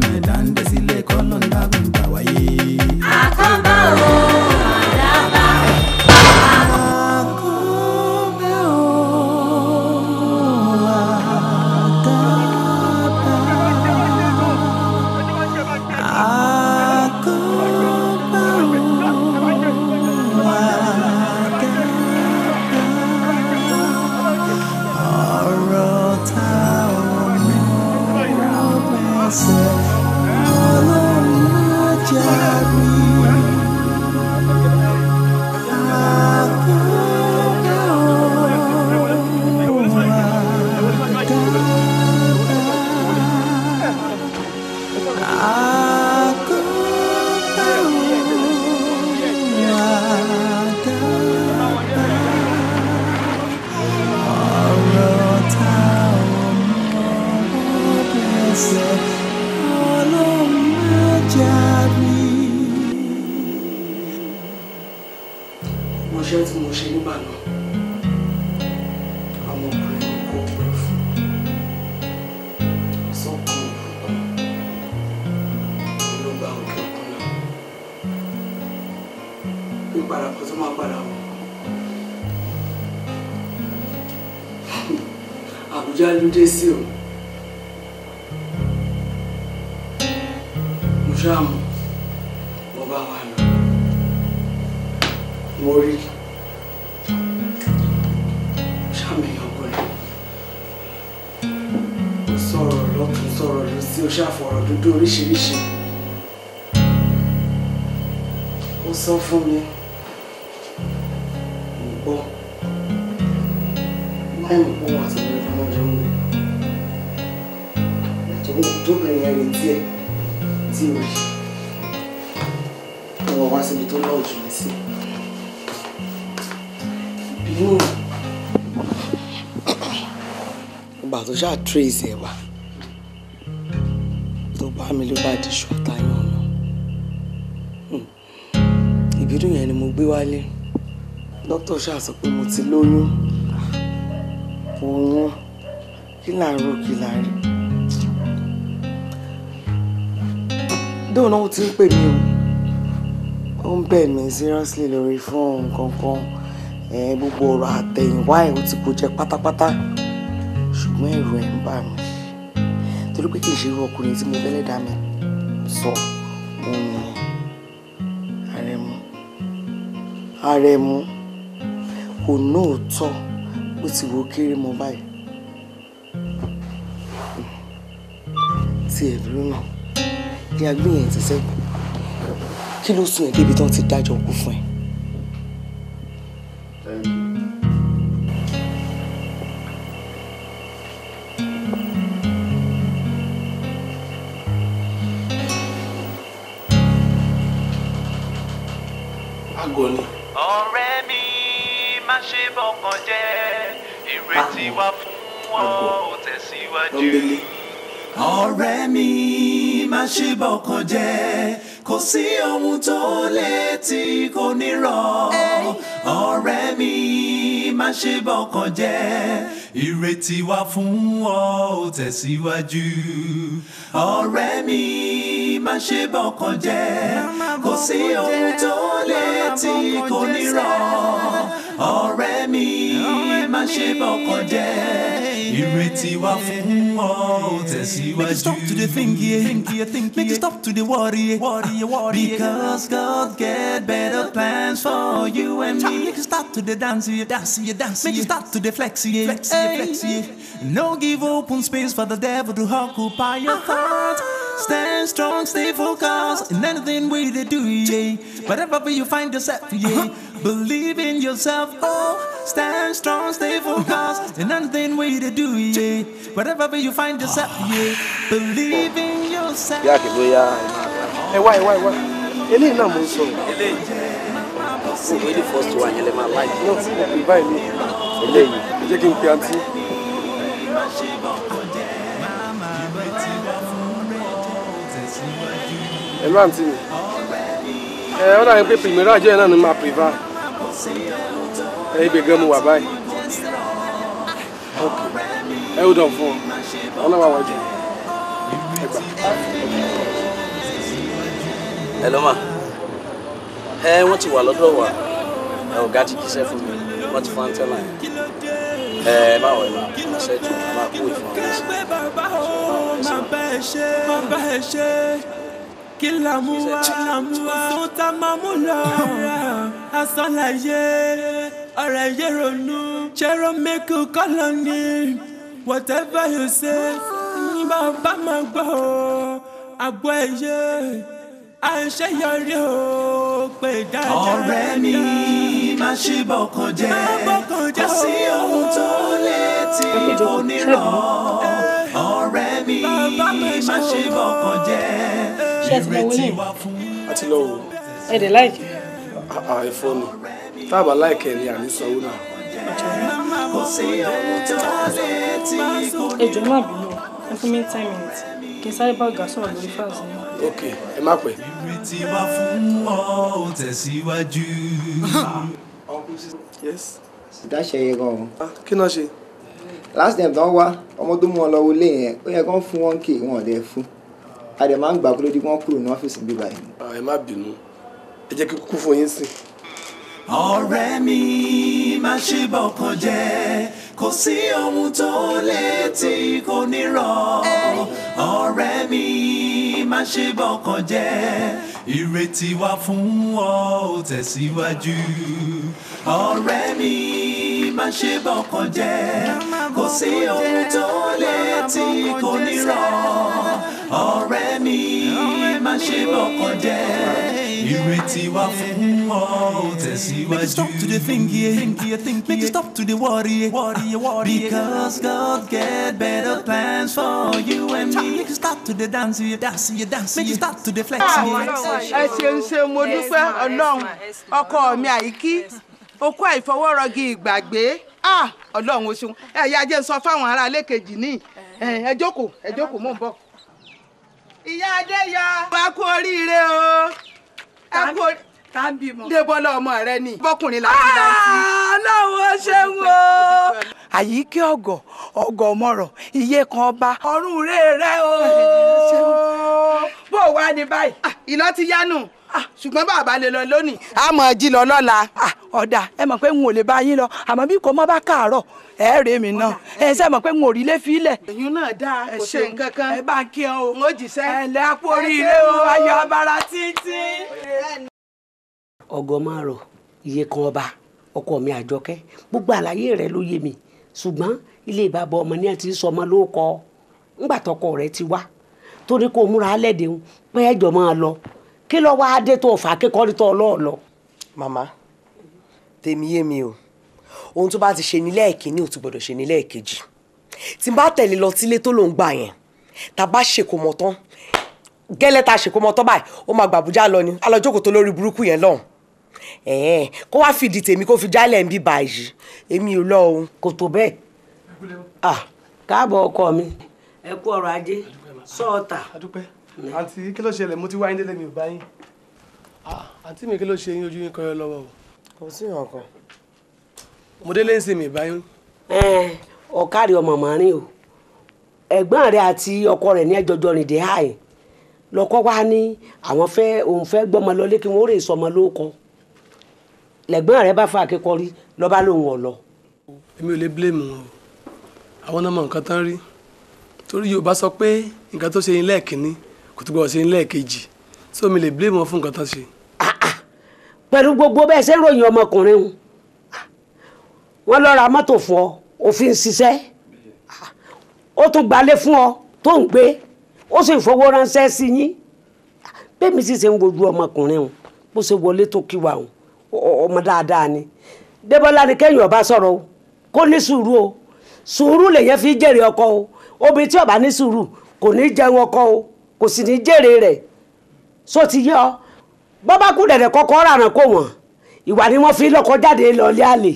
come and dance, they see they call on that
iṣẹ́ tí mo ṣe nígbà náà àwọn ọkùnrin mi kò pẹ́ fún sọ́kùn òkùnkùn ló gba òkè òkun náà bí padà kan tó máa padà wọ̀
Àbújá ló dé sí o
mo ṣáà mọ̀.
sọ fún mi mo gbọ́ láì mọ̀ pé wọ́n àti mi fún ọjọ́ mi
nítorí tóbìnrin yẹn retí ẹ tí o
rí ọ̀rọ̀ wá síbi tó lọ́ọ̀ jù mí sí ìbínú ìgbà tó ṣáà trace ẹ wá tó bá mi ló bá di ṣọ́ọ̀tì. gbé wálé dókítà ṣáà sọ pé mo ti lóyún òun kí là kí là ń ó ti ń pè mí o ó ń bẹ̀ mí seriously lórí fóònù kankan gbogbo ọ̀rọ̀ àtẹ̀yìnwá ẹ̀ ó ti kó jẹ pátápátá ṣùgbọ́n ẹ̀rù ẹ̀ ń bà mí torí pé kì í ṣe irú ọkùnrin tí mo fẹ́lẹ́ dá mi sọ òun Àrẹ̀mú kò nóòótọ́ bó ti wò kéré mọ báyìí ti ẹ̀dúró náà ní agbóyè ẹ̀ ti sẹ́kù kí ló sún ẹ̀ débi tán ti dájọ́ kú fún ẹ.
àgọ̀ lọ́mbélé. ọ̀rẹ́ mi má ṣe bọ̀kàn jẹ́ kò sí ohun tó lè tí kò ní rọ̀ ọ̀rẹ́ mi má ṣe bọ̀kàn jẹ́ ìrètí wa fún ọ ò tẹ̀síwájú ọ̀rẹ́ mi má ṣe bọ̀kàn jẹ́ kò sí ohun tó lè. ṣe bọ́kàn jẹ́ ìrètí wa fún ọ tẹ̀síwájú. make you stop to the think ye think ye think ye make you stop to the worry ye worry ye worry ye. because God get better plans for you and me. make you start to the dance ye dance ye dance ye make you start to the flex ye flex ye flex ye. no give open space for the devil to occupy your uh-huh. thoughts. Stand strong, stay focused in anything we do, yeah. Whatever you find yourself, yeah. Uh-huh. Believe in yourself, oh. Stand strong, stay focused in anything we do, yeah. Whatever you find yourself, yeah.
Believe in yourself. Yeah, okay, yeah. Hey, why, why, why? Eléyìí náà sọ. Eléyìí. first one yẹn lè máa láì. Náà tí mo pè báyìí ni. Eléyìí. ẹ̀lú àǹtí mi ẹ eh, ọ́ dàbí pé primera àjọ yẹn náà ni máa prevail ẹ eh, ibẹ̀ gan mo wà báyìí ok ẹ ó dàn fún ọ ọlọ́wà wájú ẹ gbà. ẹ lọ́mà
ẹ wọ́n ti wà lọ́dọ̀ wa ọ̀gá ti jíṣẹ́ fún mi wọ́n ti fọ́n tẹ́lá yẹn
ẹ má wọ̀ ẹ̀
má ṣẹ́jú má kú ìfọ̀n kìlà mú wá tó tá máa mú lọ. asọ́láyé ọ̀rẹ́ yé ronú ṣẹ́rọ mẹ́kù kọ́lọ́ ni whatever you say ní bàbá máa gbọ́ o àbọ̀ ẹ̀yẹ àṣeyọrí o pé dáadáa. ọ̀rẹ́ mi má ṣe bọ̀kàn jẹ́ kò sí ohun tó lè ti onírọ̀ ọ̀rẹ́ mi
má ṣe
bọ̀kàn jẹ́
ṣé ẹ ti lọ wo lẹ́yìn. a ti lọ wo. ẹ dẹ̀
ni tá a bá láìkì ẹ̀ ni à ní sanwó náà. ẹ jọ
má bínú fún mi ten minutes kí n sáré bá ọ̀gá sọ̀rọ̀ lórí fáàsì náà.
ok ẹ má pẹ́.
ìrètí wa fún ọ
ò tẹ̀síwájú. ìdáṣẹ́ yẹn gan o. Ah, kí náà ṣe. last time tán wá ọmọ tó mú ọ lọ wọlé yẹn ó yẹ kán fún one k wọn ò fún a dẹ̀ máa ń gbà kó ló di wọ́n kúrò ní ọ́fíìsì bí báyìí. Ah, ẹ má bínú
ẹ jẹ́ kí kúkú fún yín sìn. ọ̀rẹ́ mi má ṣe bọ̀kàn jẹ́ kò sí ohun tó létí kò ní rọ̀ ọ̀rẹ́ mi má ṣe bọ̀kàn jẹ́ ìrètí wa fún ọ ò tẹ̀síwájú ọ̀rẹ́ mi má ṣe bọ̀kàn jẹ́ kò sí ohun tó ṣe bọ́kàn jẹ́. Ìrètí wa fún ọ ò tẹ̀síwájú. Make you stop to dey think ye, think ye, eh? think eh, ye. Make you eh? stop to dey worry ye, worry ye, worry ye. Because God get better plans for you and me. Make you start to dey dance ye, dance ye, dance ye. Make you start to dey flex ye. Ẹ
ṣeun ṣe mo dúpẹ́ Ọlọ́run ọkọ mi àyíkí okú àìfọwọ́rọ̀gì ìgbàgbé ah, ọlọ́run o ẹ̀yà jẹ́ sọ fáwọn ará lẹ́kẹ̀jì ní ẹ jókòó ẹ jókòó mò ń bọ̀ ìyá adéyọ wá kú oríire o ẹ kú orí. tá n bímọ. débọ́lá ọmọ rẹ ni. bọ́kùnrin láti láti. Ah, ọlọ́run ó ṣe ń wo. àyíké ọ̀gọ̀ ọ̀gọ̀ mọ̀rọ̀ iye kan ọba. ọ̀run rè rẹ o. bó o wá ní báyìí. Ah, iná ti yánu ah. ṣùgbọ́n bàbá lè lọ lónìí. a mọ̀ jí lọ lọ́la. ọ̀dà ẹ mọ̀ pé n ò lè bá yín lọ àmọ́ bí kò mọ́ bá káàárọ̀ ẹ rèé mi náà ẹ ṣe mọ̀ pé n ò rí lé fílẹ̀. èyí náà dáa kò ṣe nǹkan kan ẹ bá ń kí ọ o n ó jìṣẹ́. ẹ lẹ́ o ayọ̀ abara títí. ọgọ máa rọ iye kan ọba ọkọ mi àjọkẹ́ gbogbo àlàyé rẹ ló yé mi ṣùgbọ́n ilé ìbàbọ̀ ọmọ ní ẹ ti ọmọ ló kọ ńgbà tọkọ rẹ ti wá torí kó múra lẹ́dẹ̀ ń pẹ́ ẹjọ́ máa lọ kí lọ́ wá dé tó fà á kékọ́rí tó ọlọ́ọ̀lọ́. màmá tèmi yé mi o. ohun tó bá ti ṣe nílẹ̀ ìkíní ò tún gbọ́dọ̀ ṣe nílẹ̀ ìkejì tí n bá tẹ̀lé lọ sílé tó lòún gbà yẹn tá a bá ṣèkómọ tán gẹ́lẹ́ tá a ṣèkómọ tán báyìí ó máa gba Àbújá lọ ni a lọ jókòó tó lórí burúkú yẹn lọ́hùn ẹ̀ẹ́n kó wá fìdí tèmi kó fi jálẹ̀ ń bí báyìí èmi ò lọ òun. kò tó bẹ́ẹ̀ ah káàbọ̀ ọkọ mi ẹ kú ọrọ̀ ajé
sọ́ọ̀tà. adúpẹ́ àǹtí kí ló ṣẹlẹ̀ mo ti wá délé mi ò bá yín àǹtí mi kí ló ṣe yín ojú yín kọyọ lọ́wọ́ o. kò sí nǹkan
mo délé ń sin mi báyìí. ọ̀kárí ọmọ màrín o ẹ̀gbọ́n rẹ̀ àti ọkọ rẹ̀ ní ẹjọ́jọ́ rìn dé háì lọ́kọ́ wá ní àwọn fẹ́ òun fẹ́ gbọ́mọ lọlé kí wọ́n rè sọmọ lóko lẹ́gbọ́n rẹ̀ bá fa àkékọrí lọ́ba lòun ọ̀ lọ.
èmi ò lè blame wọn o àwọn ọmọ nǹkan tán rí torí Yorùbá sọ pé nǹkan tó ṣe yín lẹ́ẹ̀kínní kò tó ṣe yín lẹ́ẹ̀kejì so lè blame wọn fún nǹkan tán ṣe. Ah, ah.
pẹ̀lú gbogbo bẹ́ẹ̀ ṣe ń ròyìn ọmọkùnrin wọ́n lọ ra mọ́tò fún ọ òfin ṣiṣẹ́ ó tún gbalé fún ọ tó ń gbé ó sì fowó ránṣẹ́ sí yín bẹ́ẹ̀ mi sì ṣe ń wojú ọmọkùnrin o bó ṣe wọlé tó kí o ọmọ dáadáa ni débọ́lá ni kẹ́yìn ọba sọ̀rọ̀ o kó ní sùúrù o sùúrù lèyẹn fi jèrè ọkọ o obìnrin tí ó ní sùúrù kò ní jẹun ọkọ o kò sì ní jèrè rẹ̀ só ti yẹ ọ bọ́bá kú dẹ̀dẹ̀ kọ́kọ́ rànà kó wọ̀n ìwà ni wọ́n fi lọ́kọ jáde lọ́ọ́lẹ́ àlè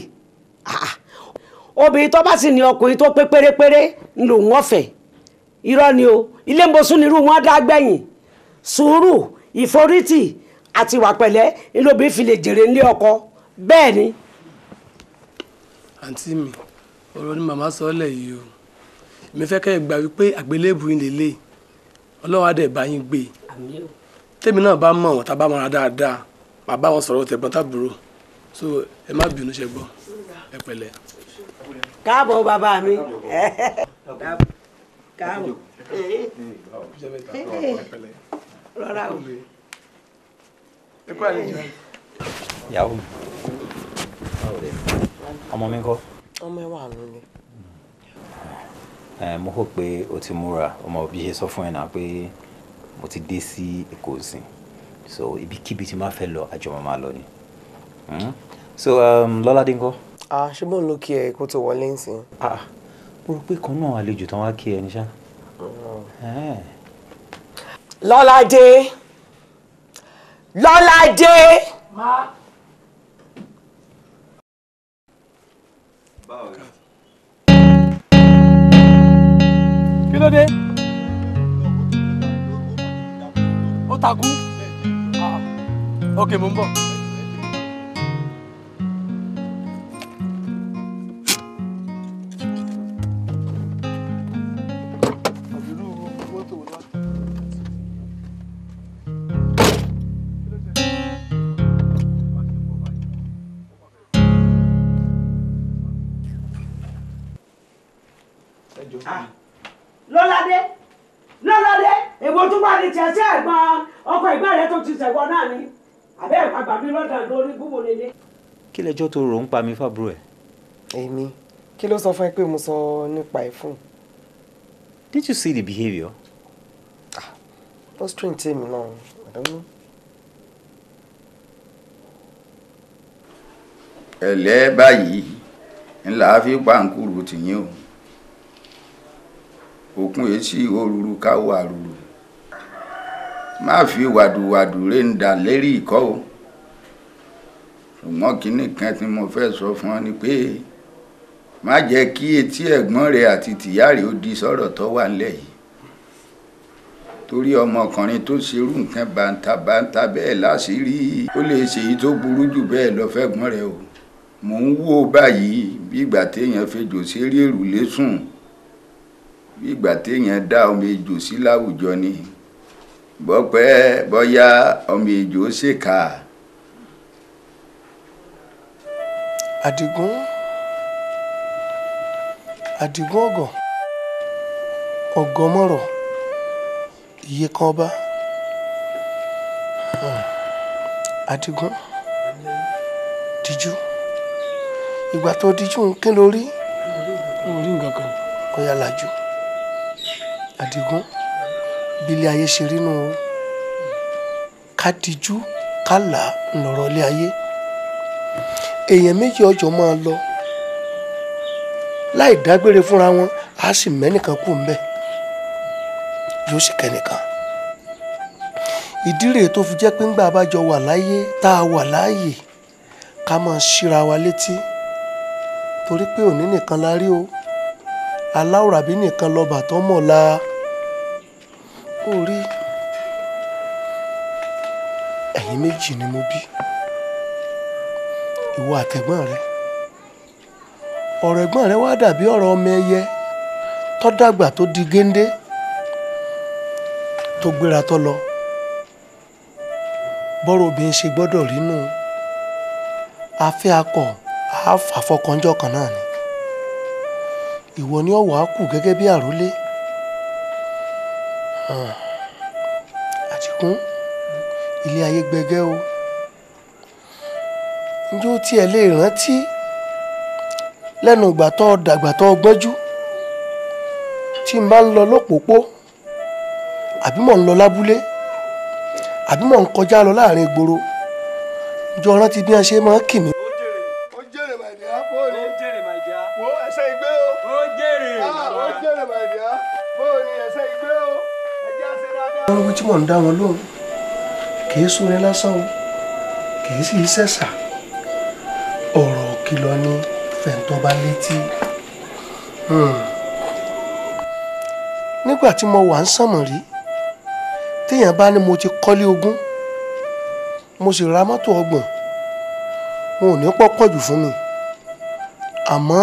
obìnrin tó bá sì ní ọkùnrin tó pé pérépéré ń lò wọ́n fẹ̀ irọ́ ni o ilé mosún nírú wọn dá gbẹ̀yìn sùúrù ìforítì àti ìwà pẹ̀lẹ́ ńlọbìnrin fi lè jèrè nílé ọkọ bẹ́ẹ̀ ni.
àǹtí mi ọ̀rọ̀ ni màmá sọ ọ́lẹ̀ yìí o èmi fẹ́ kẹ́ ẹ gbà wípé àgbélébù yín lélẹ̀ ọlọ́wà dẹ̀ bá yín gbé tèmi náà bá mọ̀ tá a bá mọ̀ra dáadáa màá bá wọn sọ̀rọ̀ tẹ̀gbọ́n tàbúrò so ẹ má bínú ṣe ẹ pẹ̀lẹ́
káàbọ̀ bàbá mi
káàbọ̀ rọra o.
ìyàwó mi ọmọ mi kọ́.
ọmọ ẹ wà lónìí.
mo hó pé o ti múra ọmọ òbí ṣe sọ fún ẹ náà pé mo ti dé sí èkó sìn so ibikíbi tí má fẹ́ lọ àjọ máa lọ ni hmm? so um, lọ́ládé ńkọ́
ah ṣé bọ́ọ̀ ló kí ẹ kó tó wọlé nsìn. ah
mo rò pé kan náà àlejò tán wá kí ẹ ní ṣá.
Oh. lọ́ládé lọ́ládé.
kí ló dé ó takú ah, ok mo ń bọ̀.
kí lẹjọ́ tó rò ń pa mi fàbúrò ẹ̀.
èmi kí ló sọ fún ẹ pé mo sọ nípa ẹ fún.
did you see the behaviour.
ah posturing tèmi náà i don't know.
ẹ̀lẹ́ báyìí ńlá fi pàǹkùrù tìyín o òkun èsì òrùrù káwọ àrùrù má fi wàdùwàdù rẹ̀ ń dà lérí ìkọ́ o ṣùgbọ́n kínní kan tí mo fẹ́ sọ fún ọ ni pé má jẹ́ kí etí ẹ̀gbọ́n rẹ àti tìyá rẹ ó di sọ̀rọ̀ tó wà nílẹ̀ yìí torí ọmọkùnrin tó ṣerú nǹkan bàǹtàbàǹtà bẹ́ẹ̀ láṣìírí ó lè ṣe èyí tó burú jù bẹ́ẹ̀ lọ fẹ́gbọ́n rẹ o mò ń wò báyìí bí ìgbà téèyàn fẹjọ́ sérí èrù lésùn bí ìgbà téèyàn dá ọmọ ejò sí láwùjọ ni bọ́pẹ́ bọ́yá ọmọ ejò ṣèkà.
àdìgún àdìgún ọ̀gọ̀ ọ̀gọ́mọ̀rọ̀ ìyèkan ọba àdìgún hmm. díjú ìgbà tó díjú kí ló rí ó rí nǹkan kan ó yà lájú àdìgún bílé ayé ṣe rí nù ká díjú ká là ń lọ̀rọ̀ ilé ayé èèyàn méjì ọjọ́ máa lọ láì dágbére fúnra wọn á sì mẹ́nìkan kù ń bẹ̀ yóò sì kẹ́nìkan ìdí rèé tó fi jẹ́ pé ńgbà abájọ wà láyé tá a wà láàyè ká máa ṣíra wa létí torí pé òní nìkan la rí o aláwòrábí nìkan lọ bàtọ́ mọ̀ la ó rí ẹ̀yin méjì ni mo bí ìwọ àtẹ̀gbọ́n rẹ ọ̀rọ̀ ẹ̀gbọ́n rẹ wá dàbí ọ̀rọ̀ ọmọ ẹyẹ tó dàgbà tó di géńdé tó gbéra tó lọ bọ́rọ̀ obìnrin ṣe gbọ́dọ̀ rínú afẹ́ akọ àfàfọkànjọ kan náà ni ìwọ ni ọ̀wọ́ á kù gẹ́gẹ́ bí àrólé àtìkún ilé ayé gbẹgẹ́ o njó tiẹ̀ lè rántí lẹ́nu ìgbà tó dàgbà tó gbọ́njú tí n bá ń lọ lọ́pòpó àbí mò ń lọ lábúlé àbí mò ń kọjá lọ láàrin ìgboro njó rántí bí wọ́n ṣe máa ń kì mí. ohun tí mò ń dá wọn lóhùn kì í súnni lásán o kì í sì í sẹ̀sà kìlọ̀ ní fẹ̀ǹtọ́ bá létí. Hmm. nígbà tí mo wà ń sànmọ̀ rí téèyàn bá ní mo ti kọ́lé ogún mo sì ra mọ́tò ọgbọ̀n wọn ò ní pọ́pọ̀ jù fún mi àmọ́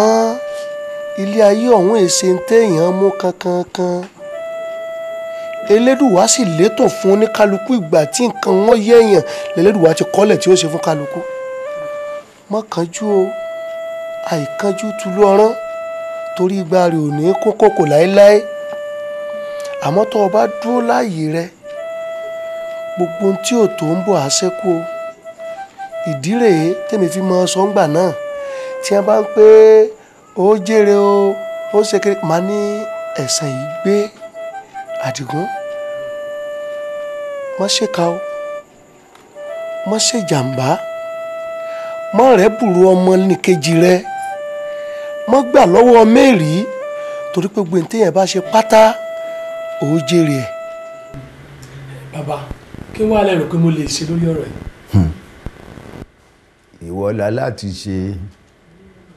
ilé ayé ọ̀hún èsè téèyàn mú kankan kan elédùwà sì létò fún oníkálukú ìgbà tí nǹkan wọn yẹ̀yàn lẹ́lẹ́dùwà ti kọ́lẹ̀ tí ó ṣe fún kálukú mọ́kànjú o àìkánjú tulú ọ̀rán torí igba rẹ̀ ò ní kó kòkò láéláé àmọ́ tó o bá dúró láàyè rẹ gbogbo tí ò tó ń bọ̀ á ṣẹ́kù o ìdí rèé tèmi fi mọ sọ́ngbà náà tí wọ́n bá ń pé ó jèrè o ó ṣe kéré màá ní ẹ̀sán yìí gbé àdìgún má ṣèkà o má ṣèjàmbá mọ́ rẹ̀ bùrù ọmọ nìkejì rẹ̀ mọ́ gbà lọ́wọ́ mẹ́rì torí pé gbogbo ntẹ́yìn bá ṣe pátá ó jèrè ẹ̀.
bàbá kí wàá lè rò pé mo lè ṣe lórí ọ̀rọ̀ yìí.
Hmm.
ìwọ la láti ṣe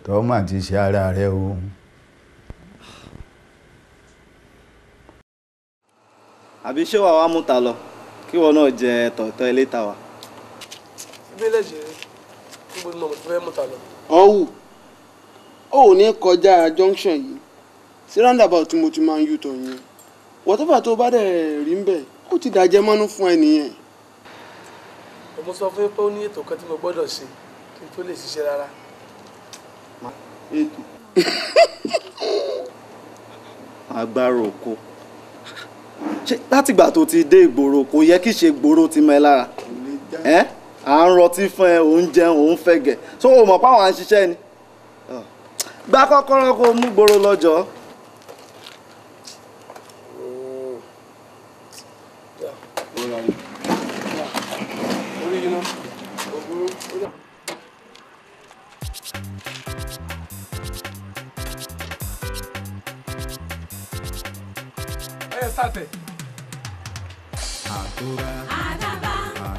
tọ́mà ti ṣe ara rẹ o. àbí ṣé wàá wá mú ta lọ kí wọn náà jẹ tọ̀tọ̀ ilé wa.
ìbílẹ̀ jẹ́ níbo ni mo fẹ́
ọ̀hún ó ò ní kọjá
junction yìí sí roundabout mo ti máa ń yùtọ̀ yẹn whatever tó bá dẹ̀ rí ń bẹ̀ ó ti dàjẹ́ mọ́nú fún ẹ nìyẹn.
mo sọ fún yín pé ó ní ètò kan tí mo gbọ́dọ̀ ṣe kí n tó lè ṣiṣẹ́ rárá.
agbára oko látìgbà tó ti dé ìgboro kò yẹ kí ṣe gbòòrò ti mọ ẹ lára Eh? à ń rọtí fún ẹ òun jẹun òun fẹ̀gẹ̀ tó o mọ̀ páwọn à ń ni ah. gba kọ́kọ́rọ́ kó o mú gbòòrò lọ́jọ́.
Àdúrà.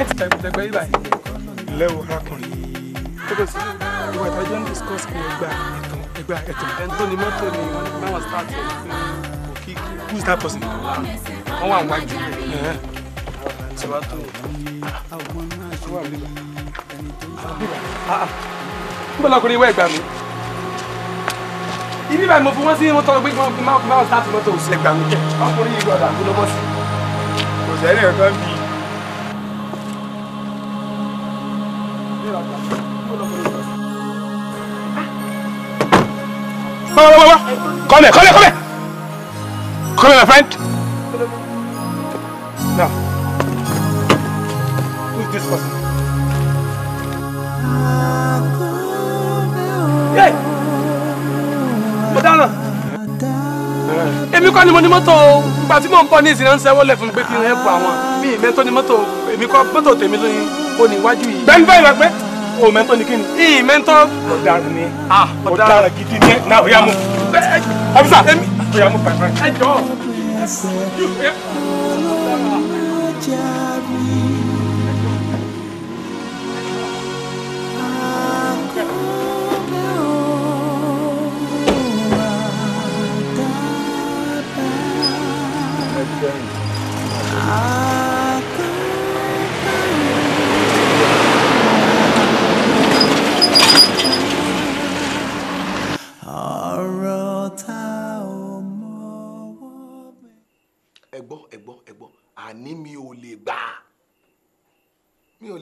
ẹ ti tẹ̀gbẹ̀tẹ̀gbẹ̀ yìí báyìí. lẹ́wọ̀ arákùnrin kókò sí ìwà ìtàjọ́ ń discuss pé ẹgbà ẹ̀tàn ẹgbà ẹ̀tàn. ẹni tó ni mọ́tò ni báwọn start ẹ̀ kò kí who is that person. wọ́n wà wájú ẹ̀ tiwa tó to bíbá. níbo lọkùnrin ìwé ẹ̀gbà mi ibi báyìí mo fi wọ́n sí mo tọ́ pé mo fi máa start to sí ẹ̀gbà mi kẹ́
ọkùnrin ìgbọ̀dà kó lọ́bọ̀ sí. kò sẹ́ni ẹ̀kọ́ bíi.
Come here, come here, come here! Come here, my friend! Now, who is this person? Hey! Madonna! Èmi kọ́ ni mo ni mọ́tò o, nígbà tí mò ń bọ̀ ní ìsìn náà ń sẹ́wọ́ fún mi pé kí n ẹ̀ bọ̀ àwọn. Mi ì mẹ́tò ni mọ́tò, èmi kọ́ mọ́tò tèmi lóyún, o ní iwájú yìí. Bẹ́ẹ̀ni báyìí wá pé o mẹ́tọ́ ni kíni. ii mẹ́tọ́. ọ̀daràn ni ọ̀daràn gidi ni na ọ̀yà mu. ọ̀bísà ọ̀yà mu pàṣẹ. ẹ jọ.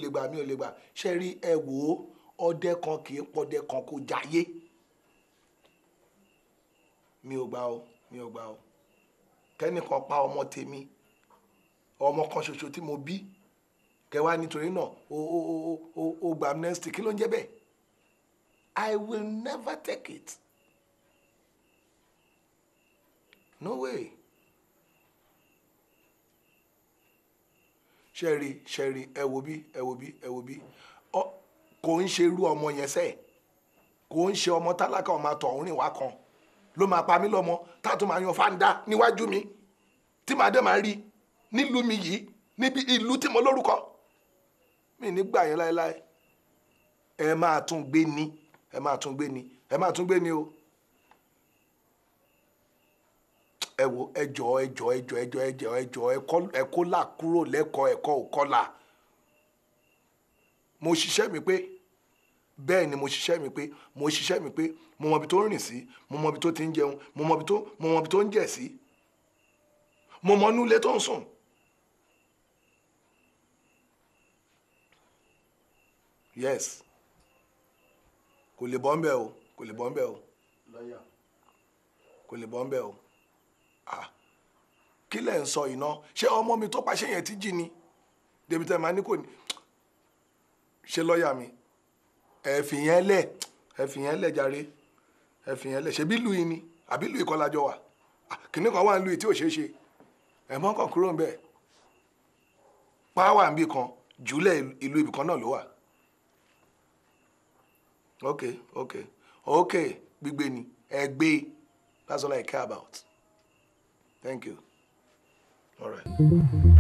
lè gbà mi ò lè gbà ṣe rí ẹ wò ó ọdẹ kan kì í pọdẹ kan kó jayé mi ò gbà o mi ò gbà o kẹ́nìkan pa ọmọ tèmi ọmọ kan ṣoṣo tí mo bí kẹwàá nítorí náà o o o o o gba amnesty kí ló ń jẹ́ bẹ́ẹ̀ I will never take it no way. ṣẹ́rí ṣẹ́rí ẹ wo bí ẹ wo bí ẹ wo bí kò ń ṣe irú ọmọ yẹn sẹ́ẹ̀ kò ń ṣe ọmọ tálákà ọmọ àtọ̀ òun rìn wá kan ló máa pa mí lọ́mọ táàtò máa yan fáńdá níwájú mi tí màá dé máa rí nílùú mi yìí níbi ìlú tí mo lórúkọ mi nígbà yẹn láéláé ẹ máa tún gbé ni ẹ máa tún gbé ni ẹ máa tún gbé ni o. ẹ wo ẹjọ ẹjọ ẹjọ ẹjọ ẹjọ ẹjọ ẹkọ là kúrò lẹkọọ ẹkọ ò kọlà mo ṣiṣẹ́ mi pé bẹ́ẹ̀ ni mo ṣiṣẹ́ mi pé mo ṣiṣẹ́ mi pé mo mọbi tó ń rìn sí mo mọbi tó ti ń jẹun mo mọbi tó mo mọbi tó ń jẹ sí mo mọ inú tó ń sùn. yes kò lè bọ́ ń bẹ̀ o kò lè bọ́ ń bẹ̀ o kò lè bọ́ ń bẹ̀ o kí lẹ̀ ń sọ iná ṣé ọmọ mi tó paṣẹ yẹn ti jí ni débi tẹ́ máa ní kò ní ṣe lọ́ọ̀yà mi ẹ fi yẹn lẹ̀ ẹ fi yẹn lẹ̀ jàre ẹ fi yẹn lẹ̀ ṣebí lu yìí ni àbí lu ìkọlájọ wà kìnìún kan wà ń lu yìí tí ò ṣeé ṣe ẹ mọ́ kàn kúrò ń bẹ̀ pàáwà ń bì kan jùlẹ̀ ìlú ibì kan náà ló wà ok ok ok gbígbé ni ẹ gbé that's all I care about. Thank you.
All right.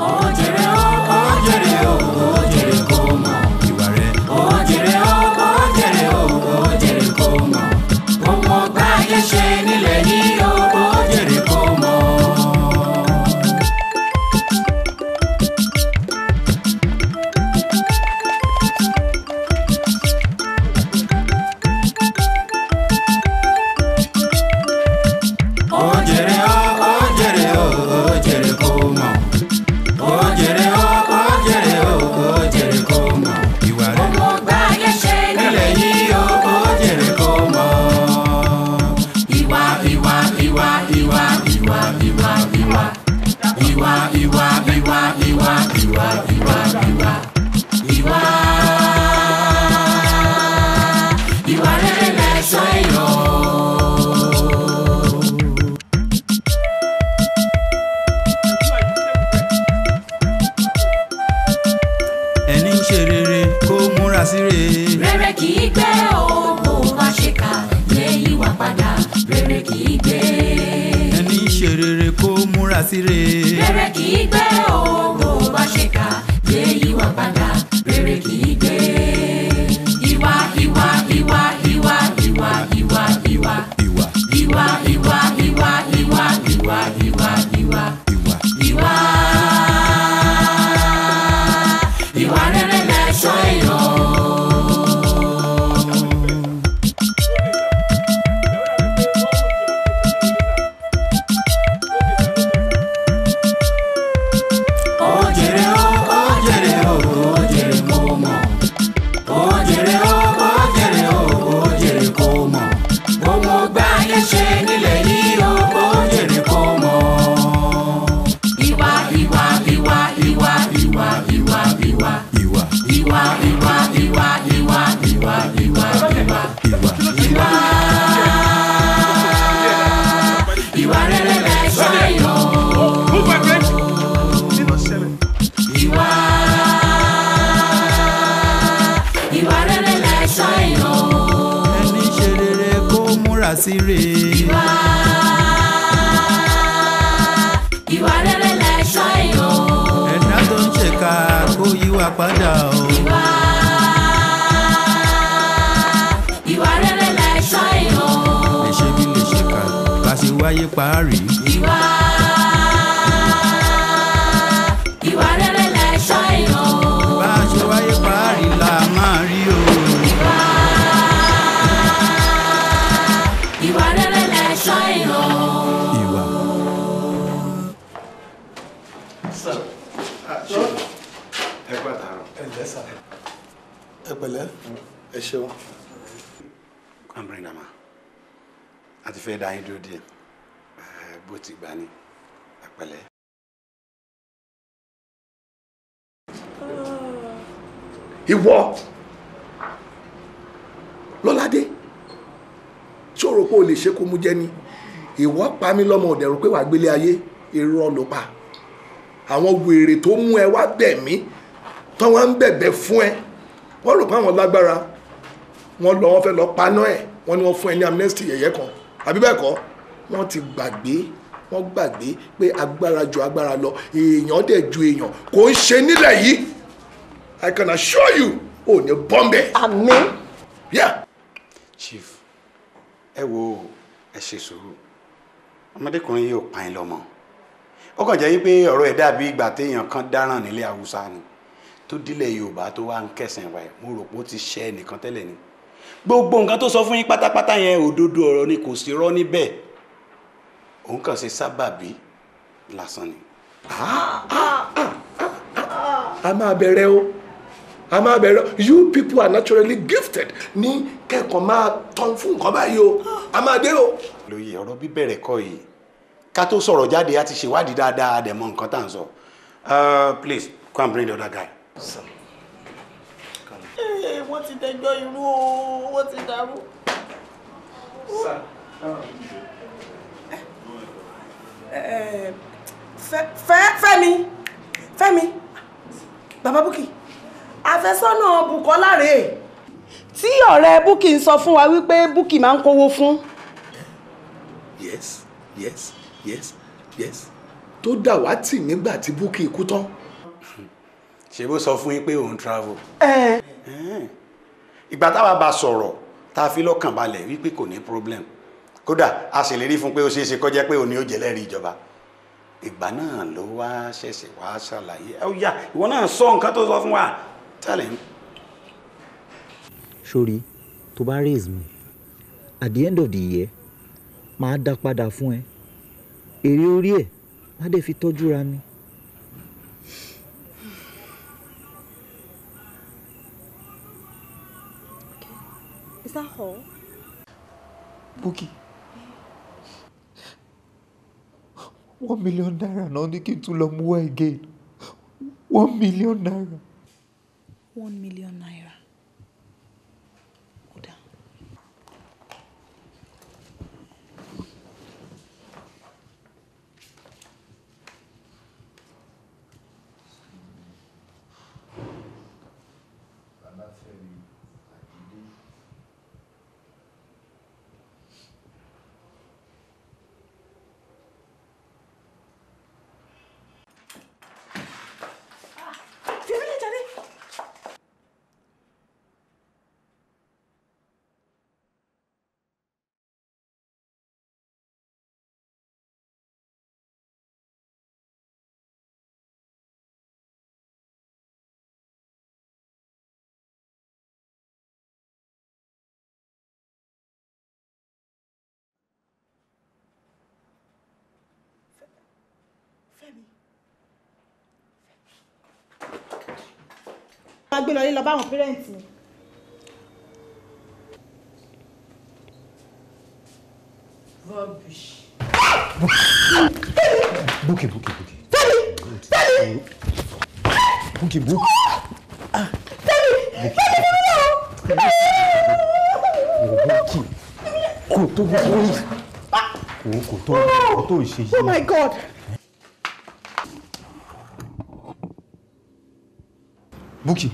Oh, dear.
dámilọ́mọ òdẹ̀rù pé wàá gbélé ayé irọ́ ló pa àwọn wèrè tó mú ẹ wá bẹ̀ mí tó wọ́n ń bẹ̀bẹ̀ fún ẹ wọ́n rò pé àwọn lágbára wọ́n lọ wọ́n fẹ́ lọ paná ẹ̀ wọ́n ní wọ́n fún ẹ ní amnesty yẹ̀yẹ́ kan àbí bẹ́ẹ̀ kọ́ wọ́n ti gbàgbé wọ́n gbàgbé pé agbára ju agbára lọ èèyàn dẹ̀ ju èèyàn kò ń ṣe nílẹ̀ yìí I can assure you ò ní bọ́m̀bẹ̀. àmín. yeah.
chief ẹ wo ẹ ṣe sùúrù ọmọdékùnrin yìí ò pa ẹ lọ́mọ ó kàn jẹ́ wípé ọ̀rọ̀ ẹ̀ dàbí ìgbà téèyàn kan dáràn nílé haúsá ni tó dílé yorùbá tó wá ń kẹsàn ìwà ẹ̀ mo rò pé ó ti ṣẹ́ ẹnìkan tẹ́lẹ̀ ni gbogbo nǹkan tó sọ fún yín pátápátá yẹn òdodo ọ̀rọ̀ ni kò sí rọ́ níbẹ̀ òun kàn ṣe sábàbí
lásán ni. a máa bẹ̀rẹ̀ o a máa bẹ̀rẹ̀ you people are naturally gifted ní kẹ́kọ̀ọ́ máa tán fún nǹkan báyìí o a máa dé o.
lóye ọ̀rọ̀ bíbẹ̀rẹ̀ kọ́ yìí ká tó sọ̀rọ̀ jáde a ti ṣèwádìí dáadáa a dẹ̀ mọ nǹkan tá à ń sọ uh, please come and bring the other guy. Eh,
wọ́n ti dẹjọ́ irú o wọ́n ti dàrú.
Eh,
eh, Fẹ́mi Fẹ́mi bàbá Búkì àfẹ́sọ́nà Bùkọ́lá rèé tí ọ̀rẹ́ Búkì ń sọ fún wa wípé Búkì máa ń kówó fún. yes yes yes
yes tó dàwátì nígbà tí Bukky kú tán. ṣé bó sọ
fún yín pé òun travel. ẹ ẹ ìgbà táwa bá sọ̀rọ̀ tá a fi lọ́kàn balẹ̀ wípé kò ní problem kódà a ṣèlérí fún pé ó ṣeé ṣe kọjá pé òun ni ó jẹ́lẹ́rìí ìjọba ìgbà náà ló wá ṣẹ̀ṣẹ̀ wá ṣàlàyé ó yá ìwọ náà sọ nǹkan tó sọ fún wa tẹ́lẹ̀
sori tó bá raise me at the end of the year máa dá padà fún ẹ èrè orí ẹ̀ má dẹ̀ fi tọ́jú ra mi.
Bókì. One million naira náà ní kí n tún lọ mú wá again. One million naira.
One million naira. Fẹ́mi. máa gbé lọ lé lọ bá àwọn pẹ́rẹ́ǹtì mi. rubbish.
Búkì búkì búkì. Fẹ́mi Fẹ́mi. Búkì búkì. Ah, Fẹ́mi Fẹ́mi mi lọ. Búkì
kò tó gbogbo yìí ah. kò tó kò tó ìṣe yìí. Oh
my God.
Bouki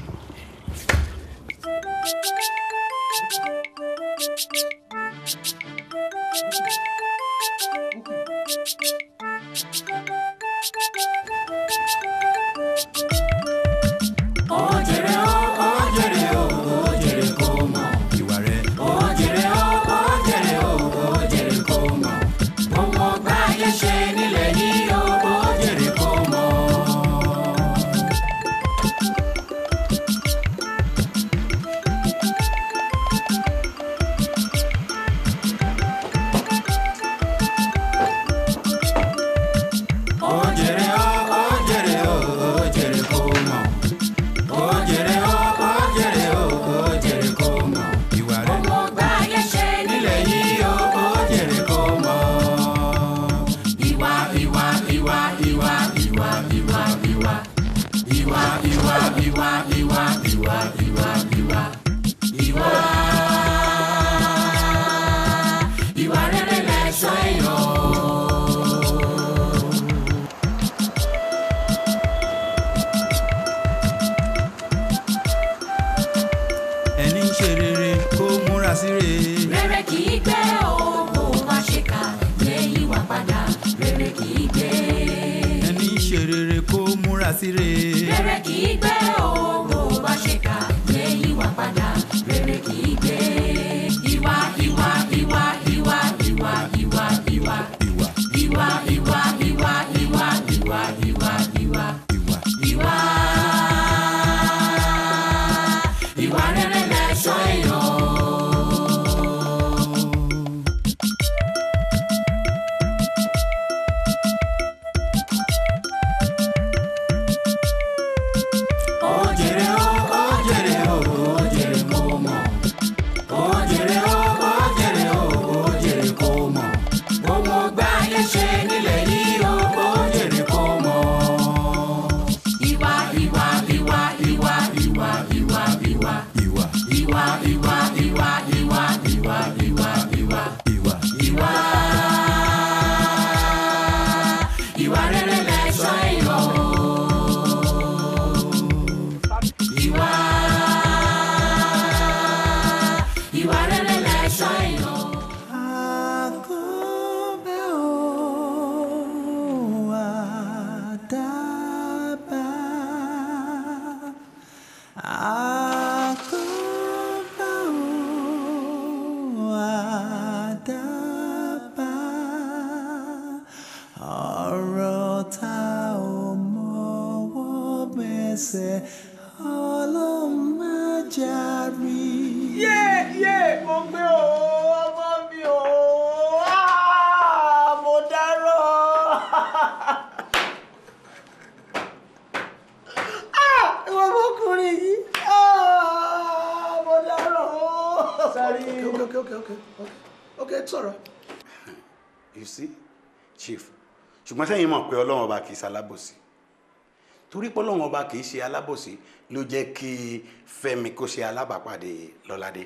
ṣùgbọ́n sẹ́yìn mọ̀ pé ọlọ́run ọba kìí ṣalábòsí torí pé ọlọ́run ọba kìí ṣe alábòsí ló jẹ́ kí Fẹ́mi kó ṣe alábàápàdé Lọ́ládé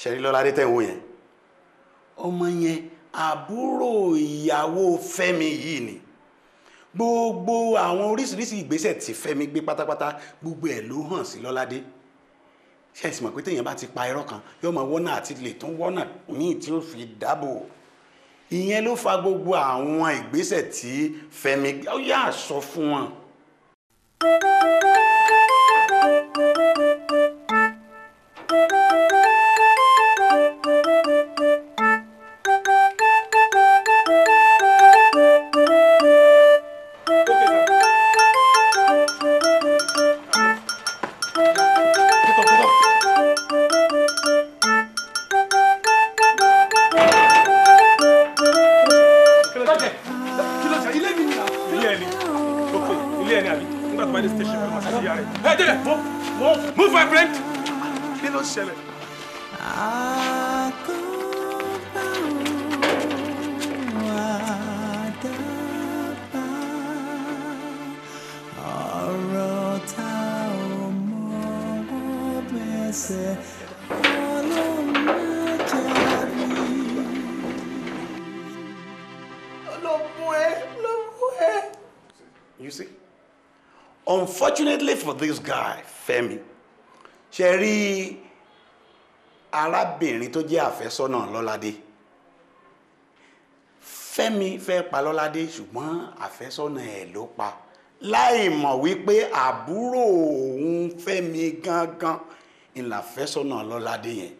ṣẹ̀rí Lọ́ládé tẹ̀ ń wò yẹn ọmọ yẹn àbúrò ìyàwó Fẹ́mi yìí ni gbogbo àwọn oríṣiríṣi ìgbésẹ̀ tí Fẹ́mi gbé pátápátá gbogbo ẹ̀ ló hàn sí Lọ́ládé ṣe é sì mọ̀ pé téèyàn bá ti pa irọ́ kan yóò máa wọ́nà àti lè tún wọ́nà míì tí ó fi dáàbò ìyẹn ló fa gbogbo àwọn ìgbésẹ̀ tí Fẹ́mi ó yà sọ fún wọn. for this guy Fẹ́mi ṣe rí arábìnrin tó jẹ́ àfẹ́sọ́nà Lọ́ládé Fẹ́mi fẹ́ pa Lọ́ládé ṣùgbọ́n àfẹ́sọ́nà ẹ̀ ló pa láì mọ̀ wípé àbúrò òun Fẹ́mi gangan ìlàfẹ́sọ́nà Lọ́ládé yẹn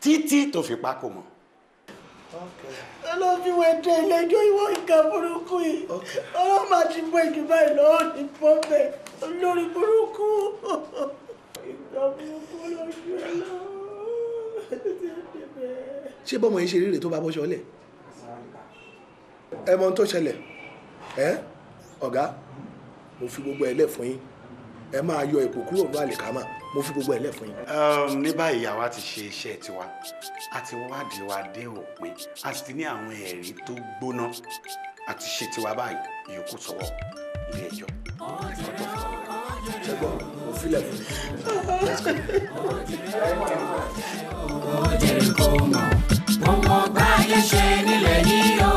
títí tó fi pa kò mọ̀
ọlọ́fi wọ ẹ̀dẹ́ ẹlẹ́jọ́ ìwọ ìka burúkú yìí ọlọ́run máa ti bọ ìjọba ìlọ́wọ́ ní pọ́fẹ́ olórí burúkú
ìgbà burúkú lọ́jọ́ ẹlọ́wọ́.
ṣé bọ́mọ yìí ṣe rí rè tó bá bọ́ ṣọlẹ̀ ẹ mọ ohun tó ṣẹlẹ̀ ẹ ọ̀gá mo fi gbogbo ẹ lẹ̀ fún yín ẹ máa yọ èpò kúrò ní àlìkámà mo fi gbogbo ẹ lẹ fún
yín. ní báyìí àwa ti ṣe iṣẹ́ tiwa a ti wádìí wa dé òpin a sì ti ní àwọn ẹ̀rí tó gbóná a ti ṣe tiwa báyìí ìyókù sọ́wọ́ ilé ẹjọ́ ṣẹ́gbọ́n mo filẹ̀ fún mi.
ó jẹ́ mọ̀ wọ́n mọ̀ báyẹn ṣe nílẹ̀ yìí